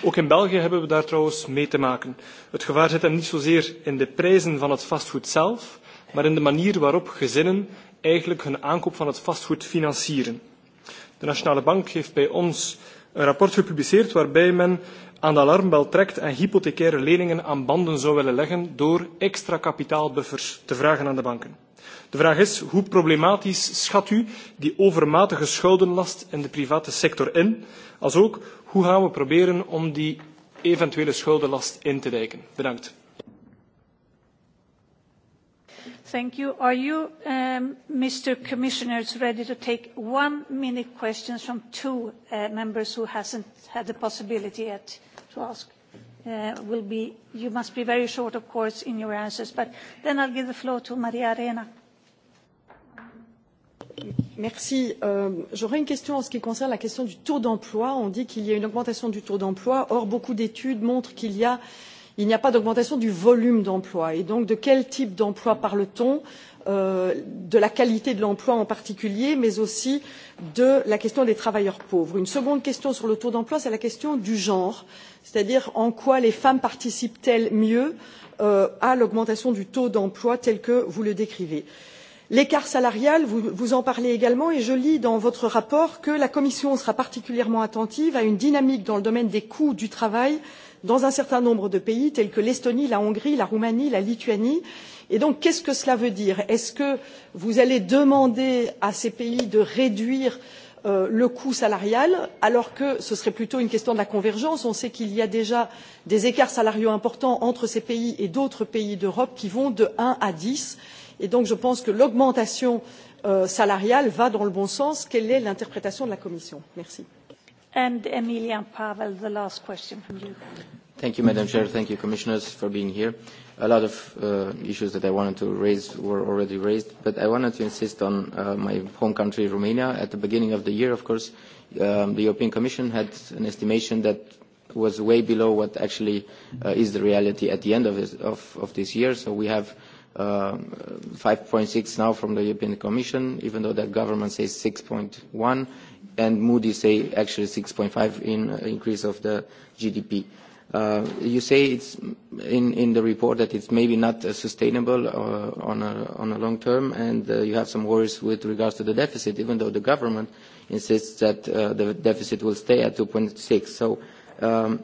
Ook in België hebben we daar trouwens mee te maken. Het gevaar zit hem niet zozeer in de prijzen van het vastgoed zelf, maar in de manier waarop gezinnen eigenlijk hun aankoop van het vastgoed financieren. De Nationale Bank heeft bij ons een rapport gepubliceerd waarbij men aan de alarmbel trekt en hypothecaire leningen aan banden zou willen leggen door extra kapitaalbuffers te vragen aan de banken. De vraag is, hoe problematisch schat u die overmatige schuldenlast in de private sector in? Als ook, hoe gaan we proberen om die eventuele schuldenlast in te dijken? Bedankt. Thank you. Are you, Mr. Um, Commissioners, ready to take one mini questions from two uh, members who hasn't had the possibility yet to ask? Uh, will be, you must be very short, of course, in your answers, but then I'll give the floor to Maria Arena. Merci. Euh, j'aurais une question en ce qui concerne la question du taux d'emploi. On dit qu'il y a une augmentation du taux d'emploi. Or, beaucoup d'études montrent qu'il y a il n'y a pas d'augmentation du volume d'emploi. Et donc, de quel type d'emploi parle-t-on euh, De la qualité de l'emploi en particulier, mais aussi de la question des travailleurs pauvres. Une seconde question sur le taux d'emploi, c'est la question du genre, c'est-à-dire en quoi les femmes participent-elles mieux euh, à l'augmentation du taux d'emploi tel que vous le décrivez. L'écart salarial, vous, vous en parlez également, et je lis dans votre rapport que la Commission sera particulièrement attentive à une dynamique dans le domaine des coûts du travail euh, dans un certain nombre de pays tels que l'Estonie, la Hongrie, la Roumanie, la Lituanie. Et donc, qu'est-ce que cela veut dire Est-ce que vous allez demander à ces pays de réduire euh, le coût salarial, alors que ce serait plutôt une question de la convergence. On sait qu'il y a déjà des écarts salariaux importants entre ces pays et d'autres pays d'Europe qui vont de 1 à 10. Et donc je pense que l'augmentation euh, salariale va dans le bon sens. Quelle est l'interprétation de la Commission Merci. And Emilia Pavel, the last question from you. Thank you, Madam Chair. Thank you, Commissioners, for being here. A lot of uh, issues that I wanted to raise were already raised, but I wanted to insist on uh, my home country, Romania. At the beginning of the year, of course, um, the European Commission had an estimation that was way below what actually uh, is the reality at the end of this, of, of this year. So we have uh, um, 5.6 now from the European Commission, even though the government says 6.1, and Moody say actually 6.5 in uh, increase of the GDP. Uh, you say it's in the report that it's maybe not uh, sustainable uh, on a long term, and you have some worries with regards to the deficit, even though the government insists that the deficit will stay at 2.6. Um,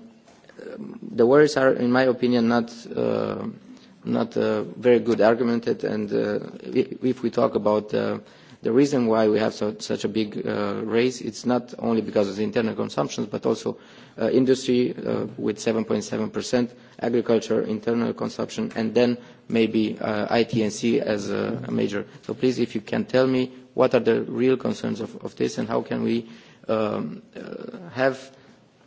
the worries are, in my opinion, not very good argumented. If we talk about The reason why we have so, such a big uh, raise, it's not only because of the internal consumptions, but also uh, industry uh, with 7.7%, agriculture, internal consumption, and then maybe IT&C as a major. So please, if you can tell me, what are the real concerns of this, and how can we um, have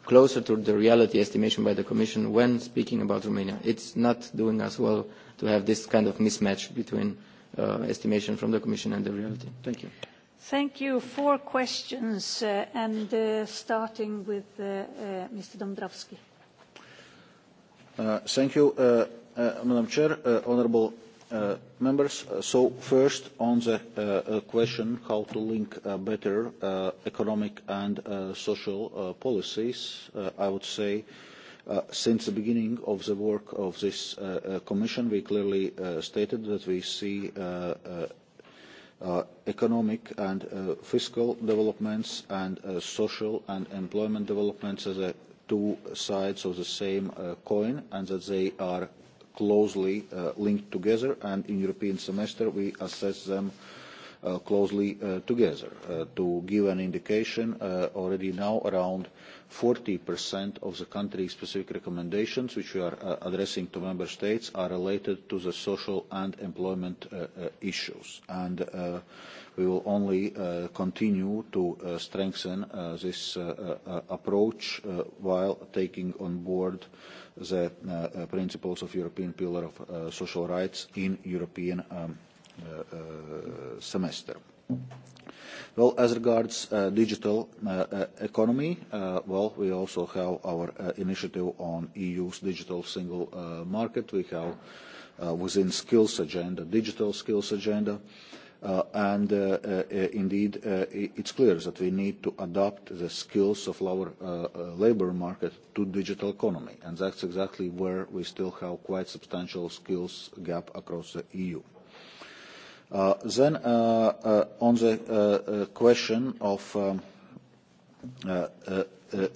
closer to the reality estimation by the commission when speaking about Romania? It's not doing us well to have this kind of mismatch between Uh, estimation from the Commission and the reality. Thank you. Thank you. Four questions, uh, and uh, starting with Mr. Dombrovskis. Thank you, Madam Chair, honorable members. So first, on the question how to link better economic and social policies, I would say Uh, since the beginning of the work of this uh, uh commission, we clearly uh, stated that we see uh, uh, uh, economic and uh, fiscal developments and uh, social and employment developments as a two sides of the same uh, coin and that they are closely uh, linked together and in European semester we assess them uh, uh, closely uh, together. Uh, to give an indication, uh, already now around 40% of the country-specific recommendations which we are uh, addressing to member states are related to the social and employment uh, uh, issues. And uh, we will only uh, continue to uh, strengthen uh, this uh, uh, approach uh, while taking on board the uh, uh, principles of European Pillar of uh, Social Rights in European um, Uh, uh, semester. Well, as regards uh, digital uh, uh, economy, uh, well, we also have our uh, initiative on EU's digital single uh, market. We have uh, within skills agenda, digital skills agenda. Uh, and uh, uh, indeed, uh, it's clear that we need to adapt the skills of our uh, labor market to digital economy. And that's exactly where we still have quite substantial skills gap across the EU. Uh, then, uh, uh, on the question of um,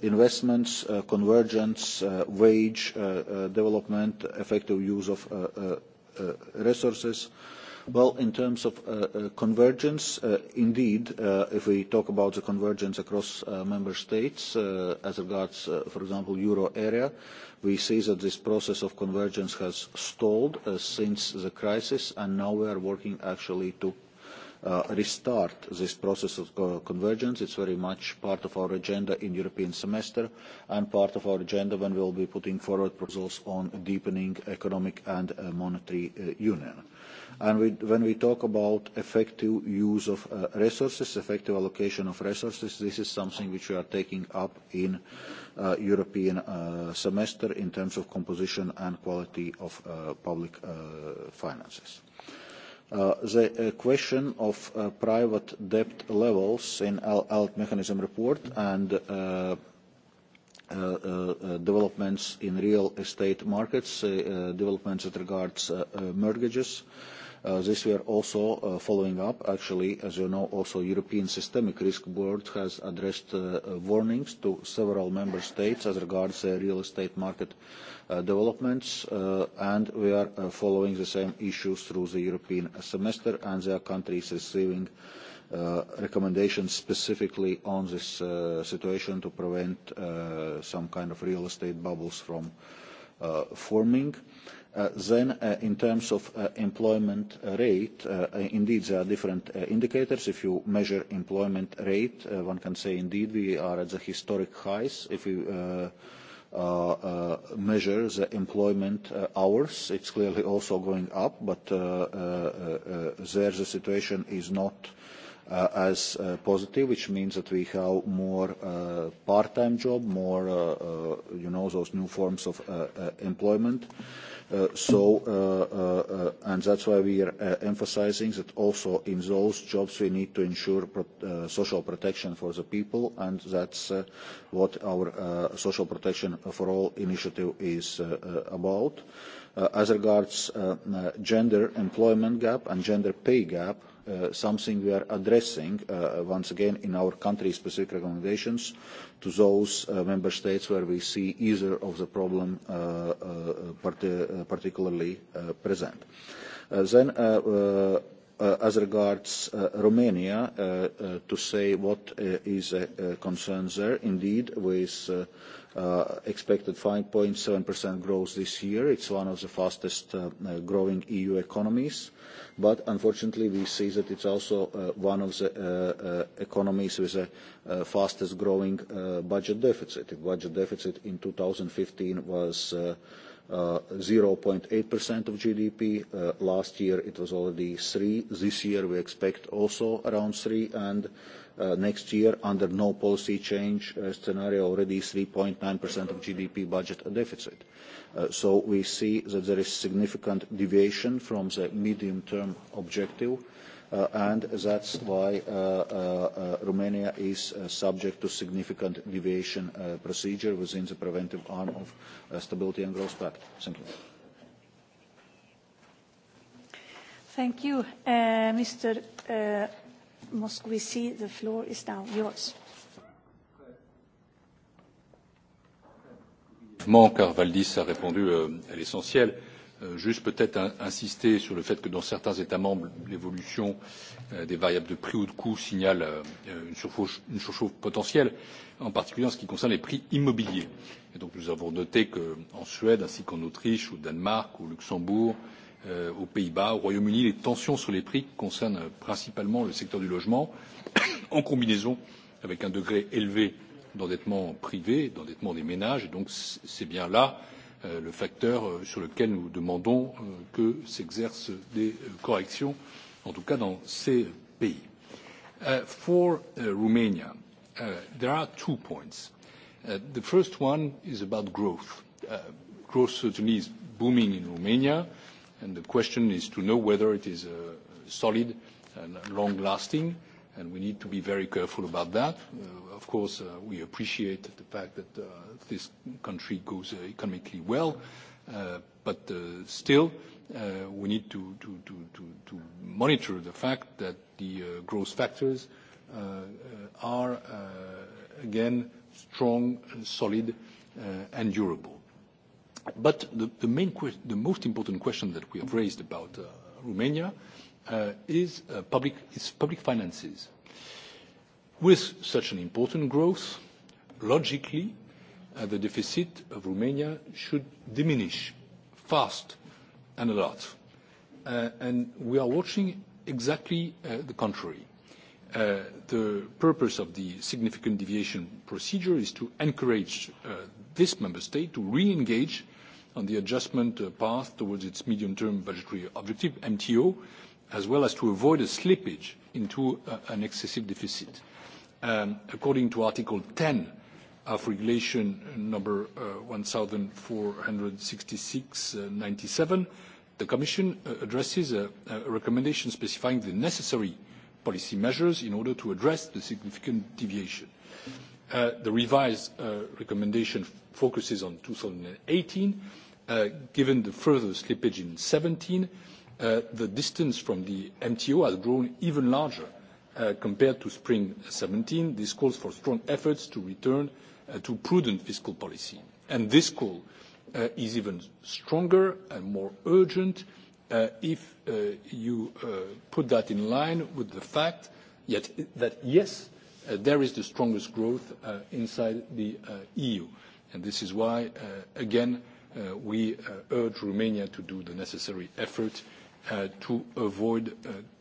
investments, convergence, wage development, effective use of resources, Well, in terms of uh, uh, convergence, uh, indeed, uh, if we talk about the convergence across uh, member states uh, as regards, uh, for example, euro area, we see that this process of convergence has stalled uh, since the crisis, and now we are working actually to uh, restart this process of co uh, convergence. It's very much part of our agenda in European semester and part of our agenda when we'll be putting forward proposals on deepening economic and uh, monetary uh, union. And we, when we talk about effective use of uh, resources, effective allocation of resources, this is something which we are taking up in uh, European uh, semester in terms of composition and quality of uh, public uh, finances. Uh, the uh, question of uh, private debt levels in ALT mechanism report and uh, uh, uh, uh, developments in real estate markets, uh, uh, developments that regards uh, uh, mortgages. Uh, Uh, this we are also uh, following up. Actually, as you know, also European Systemic Risk Board has addressed uh, uh warnings to several member states as regards uh, real estate market uh, developments, uh, and we are uh, following the same issues through the European semester, and there are countries receiving uh, recommendations specifically on this uh, situation to prevent uh, some kind of real estate bubbles from uh, forming. Uh, Uh, then, uh, in terms of uh, employment rate, indeed, there are different indicators. If you measure employment rate, one can say indeed we are at the historic highs. If we measure the employment hours, it's clearly also going up, but there the situation is not Uh, as uh, positive, which means that we have more uh, part-time job, more, uh, uh, you know, those new forms of uh, uh, employment. Uh, so, uh, uh, uh, and that's why we are uh, emphasizing that also in those jobs we need to ensure pro uh, social protection for the people, and that's uh, what our uh, Social Protection for All initiative is uh, uh, about. Uh, as regards uh, uh, gender employment gap and gender pay gap, Uh, something we are addressing uh, once again in our country specific recommendations to those uh, member states where we see either of the problem uh, uh, part uh, particularly uh, present. Uh, then uh, uh, uh, as regards uh, Romania, uh, uh, to say what uh, is a, a concern there, indeed, with uh, uh, expected 5.7% growth this year, it's one of the fastest uh, uh growing EU economies. Uh, but unfortunately we see that it's also uh, one of the uh, uh economies with the uh, fastest growing uh, budget deficit. The budget deficit in 2015 was uh, uh, 0.8% of GDP. Uh, last year it was already 3. This year we expect also around 3 and uh, Uh, next year under no policy change uh, scenario, already 3.9% of GDP budget deficit. Uh, so we see that there is significant deviation from the medium-term objective, and that's why Romania is subject to significant deviation procedure within the preventive arm of Stability and Growth Pact. Thank you. Thank you, Mr. Moscovici. The floor is now yours. Car Valdis a répondu euh, à l'essentiel. Euh, juste peut-être insister sur le fait que dans certains États membres, l'évolution euh, des variables de prix ou de coûts signale une surchauffe potentielle, en particulier en ce qui concerne les prix immobiliers. Et donc nous avons noté qu'en Suède, ainsi qu'en Autriche, au Danemark, au Luxembourg, Euh, aux pays bas au royaume uni les tensions sur les prix concernent principalement le secteur du logement en combinaison avec un degré élevé d'endettement privé d'endettement des ménages et donc c'est bien là euh, le facteur euh, sur lequel nous demandons que s'exercent des corrections en tout cas dans ces pays. for romania there are two points. Uh, the first one is about growth. Uh, growth certainly is booming in romania and the question is to know whether it is uh, solid and long lasting and we need to be very careful about that. Uh, of course, uh, we appreciate the fact that uh, this country goes uh, economically well, uh, but uh, still uh, we need to, to, to, to, to monitor the fact that the uh, growth factors uh, are uh, again strong, solid uh, and durable. The most important question that we have raised about uh, Romania uh, uh, is public finances. With such an important growth, logically, the deficit of Romania should diminish fast and a lot. We are watching exactly the contrary. The purpose of the significant deviation procedure is to encourage this member state to re-engage on the adjustment uh, path towards its medium-term budgetary objective, MTO, as well as to avoid a slippage into uh, an excessive deficit. Um, according to Article 10 of Regulation uh, number 1466/97, the Commission addresses a recommendation specifying the necessary policy measures in order to address the significant deviation. Uh, the revised uh, recommendation focuses on two thousand and eighteen uh, given the further slippage in seventeen the distance from the mto has grown even larger compared to spring seventeen this calls for strong efforts to return to prudent fiscal policy and this call is even stronger and more urgent if you put that in line with the fact that yes Uh, there is the strongest growth uh, inside the uh, EU. This is why, again, we urge Romania to do the necessary effort to avoid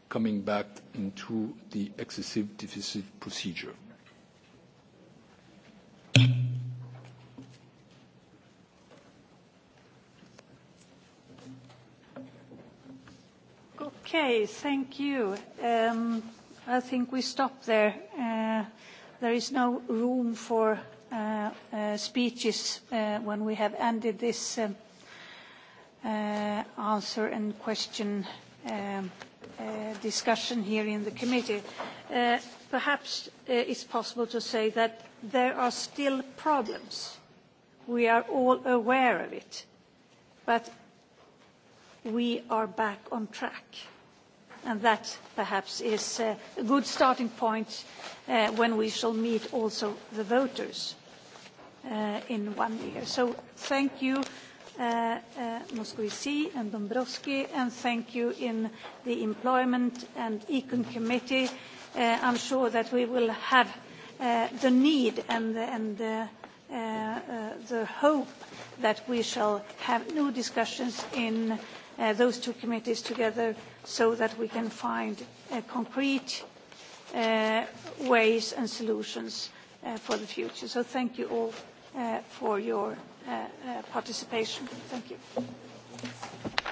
coming back into the excessive deficit procedure. Okay, thank you. Um, I think we stop there. Uh, there is no room for uh, uh, speeches when we have ended this um, answer and question um, discussion here in the committee. Perhaps it's possible to say that there are still problems. We are all aware of it, but we are back on track and that perhaps is uh, a good starting point uh, when we shall meet also the voters uh, in one year. So thank you, uh, uh, Moscovici and Dombrovski, and thank you in the Employment and Econ Committee. Uh, I'm sure that we will have uh, the need and the, and the, uh, uh, the hope that we shall have new discussions in uh, those two committees together so that we can find uh, concrete uh, ways and solutions uh, for the future. So thank you all uh, for your uh, uh, participation. Thank you. Thank you.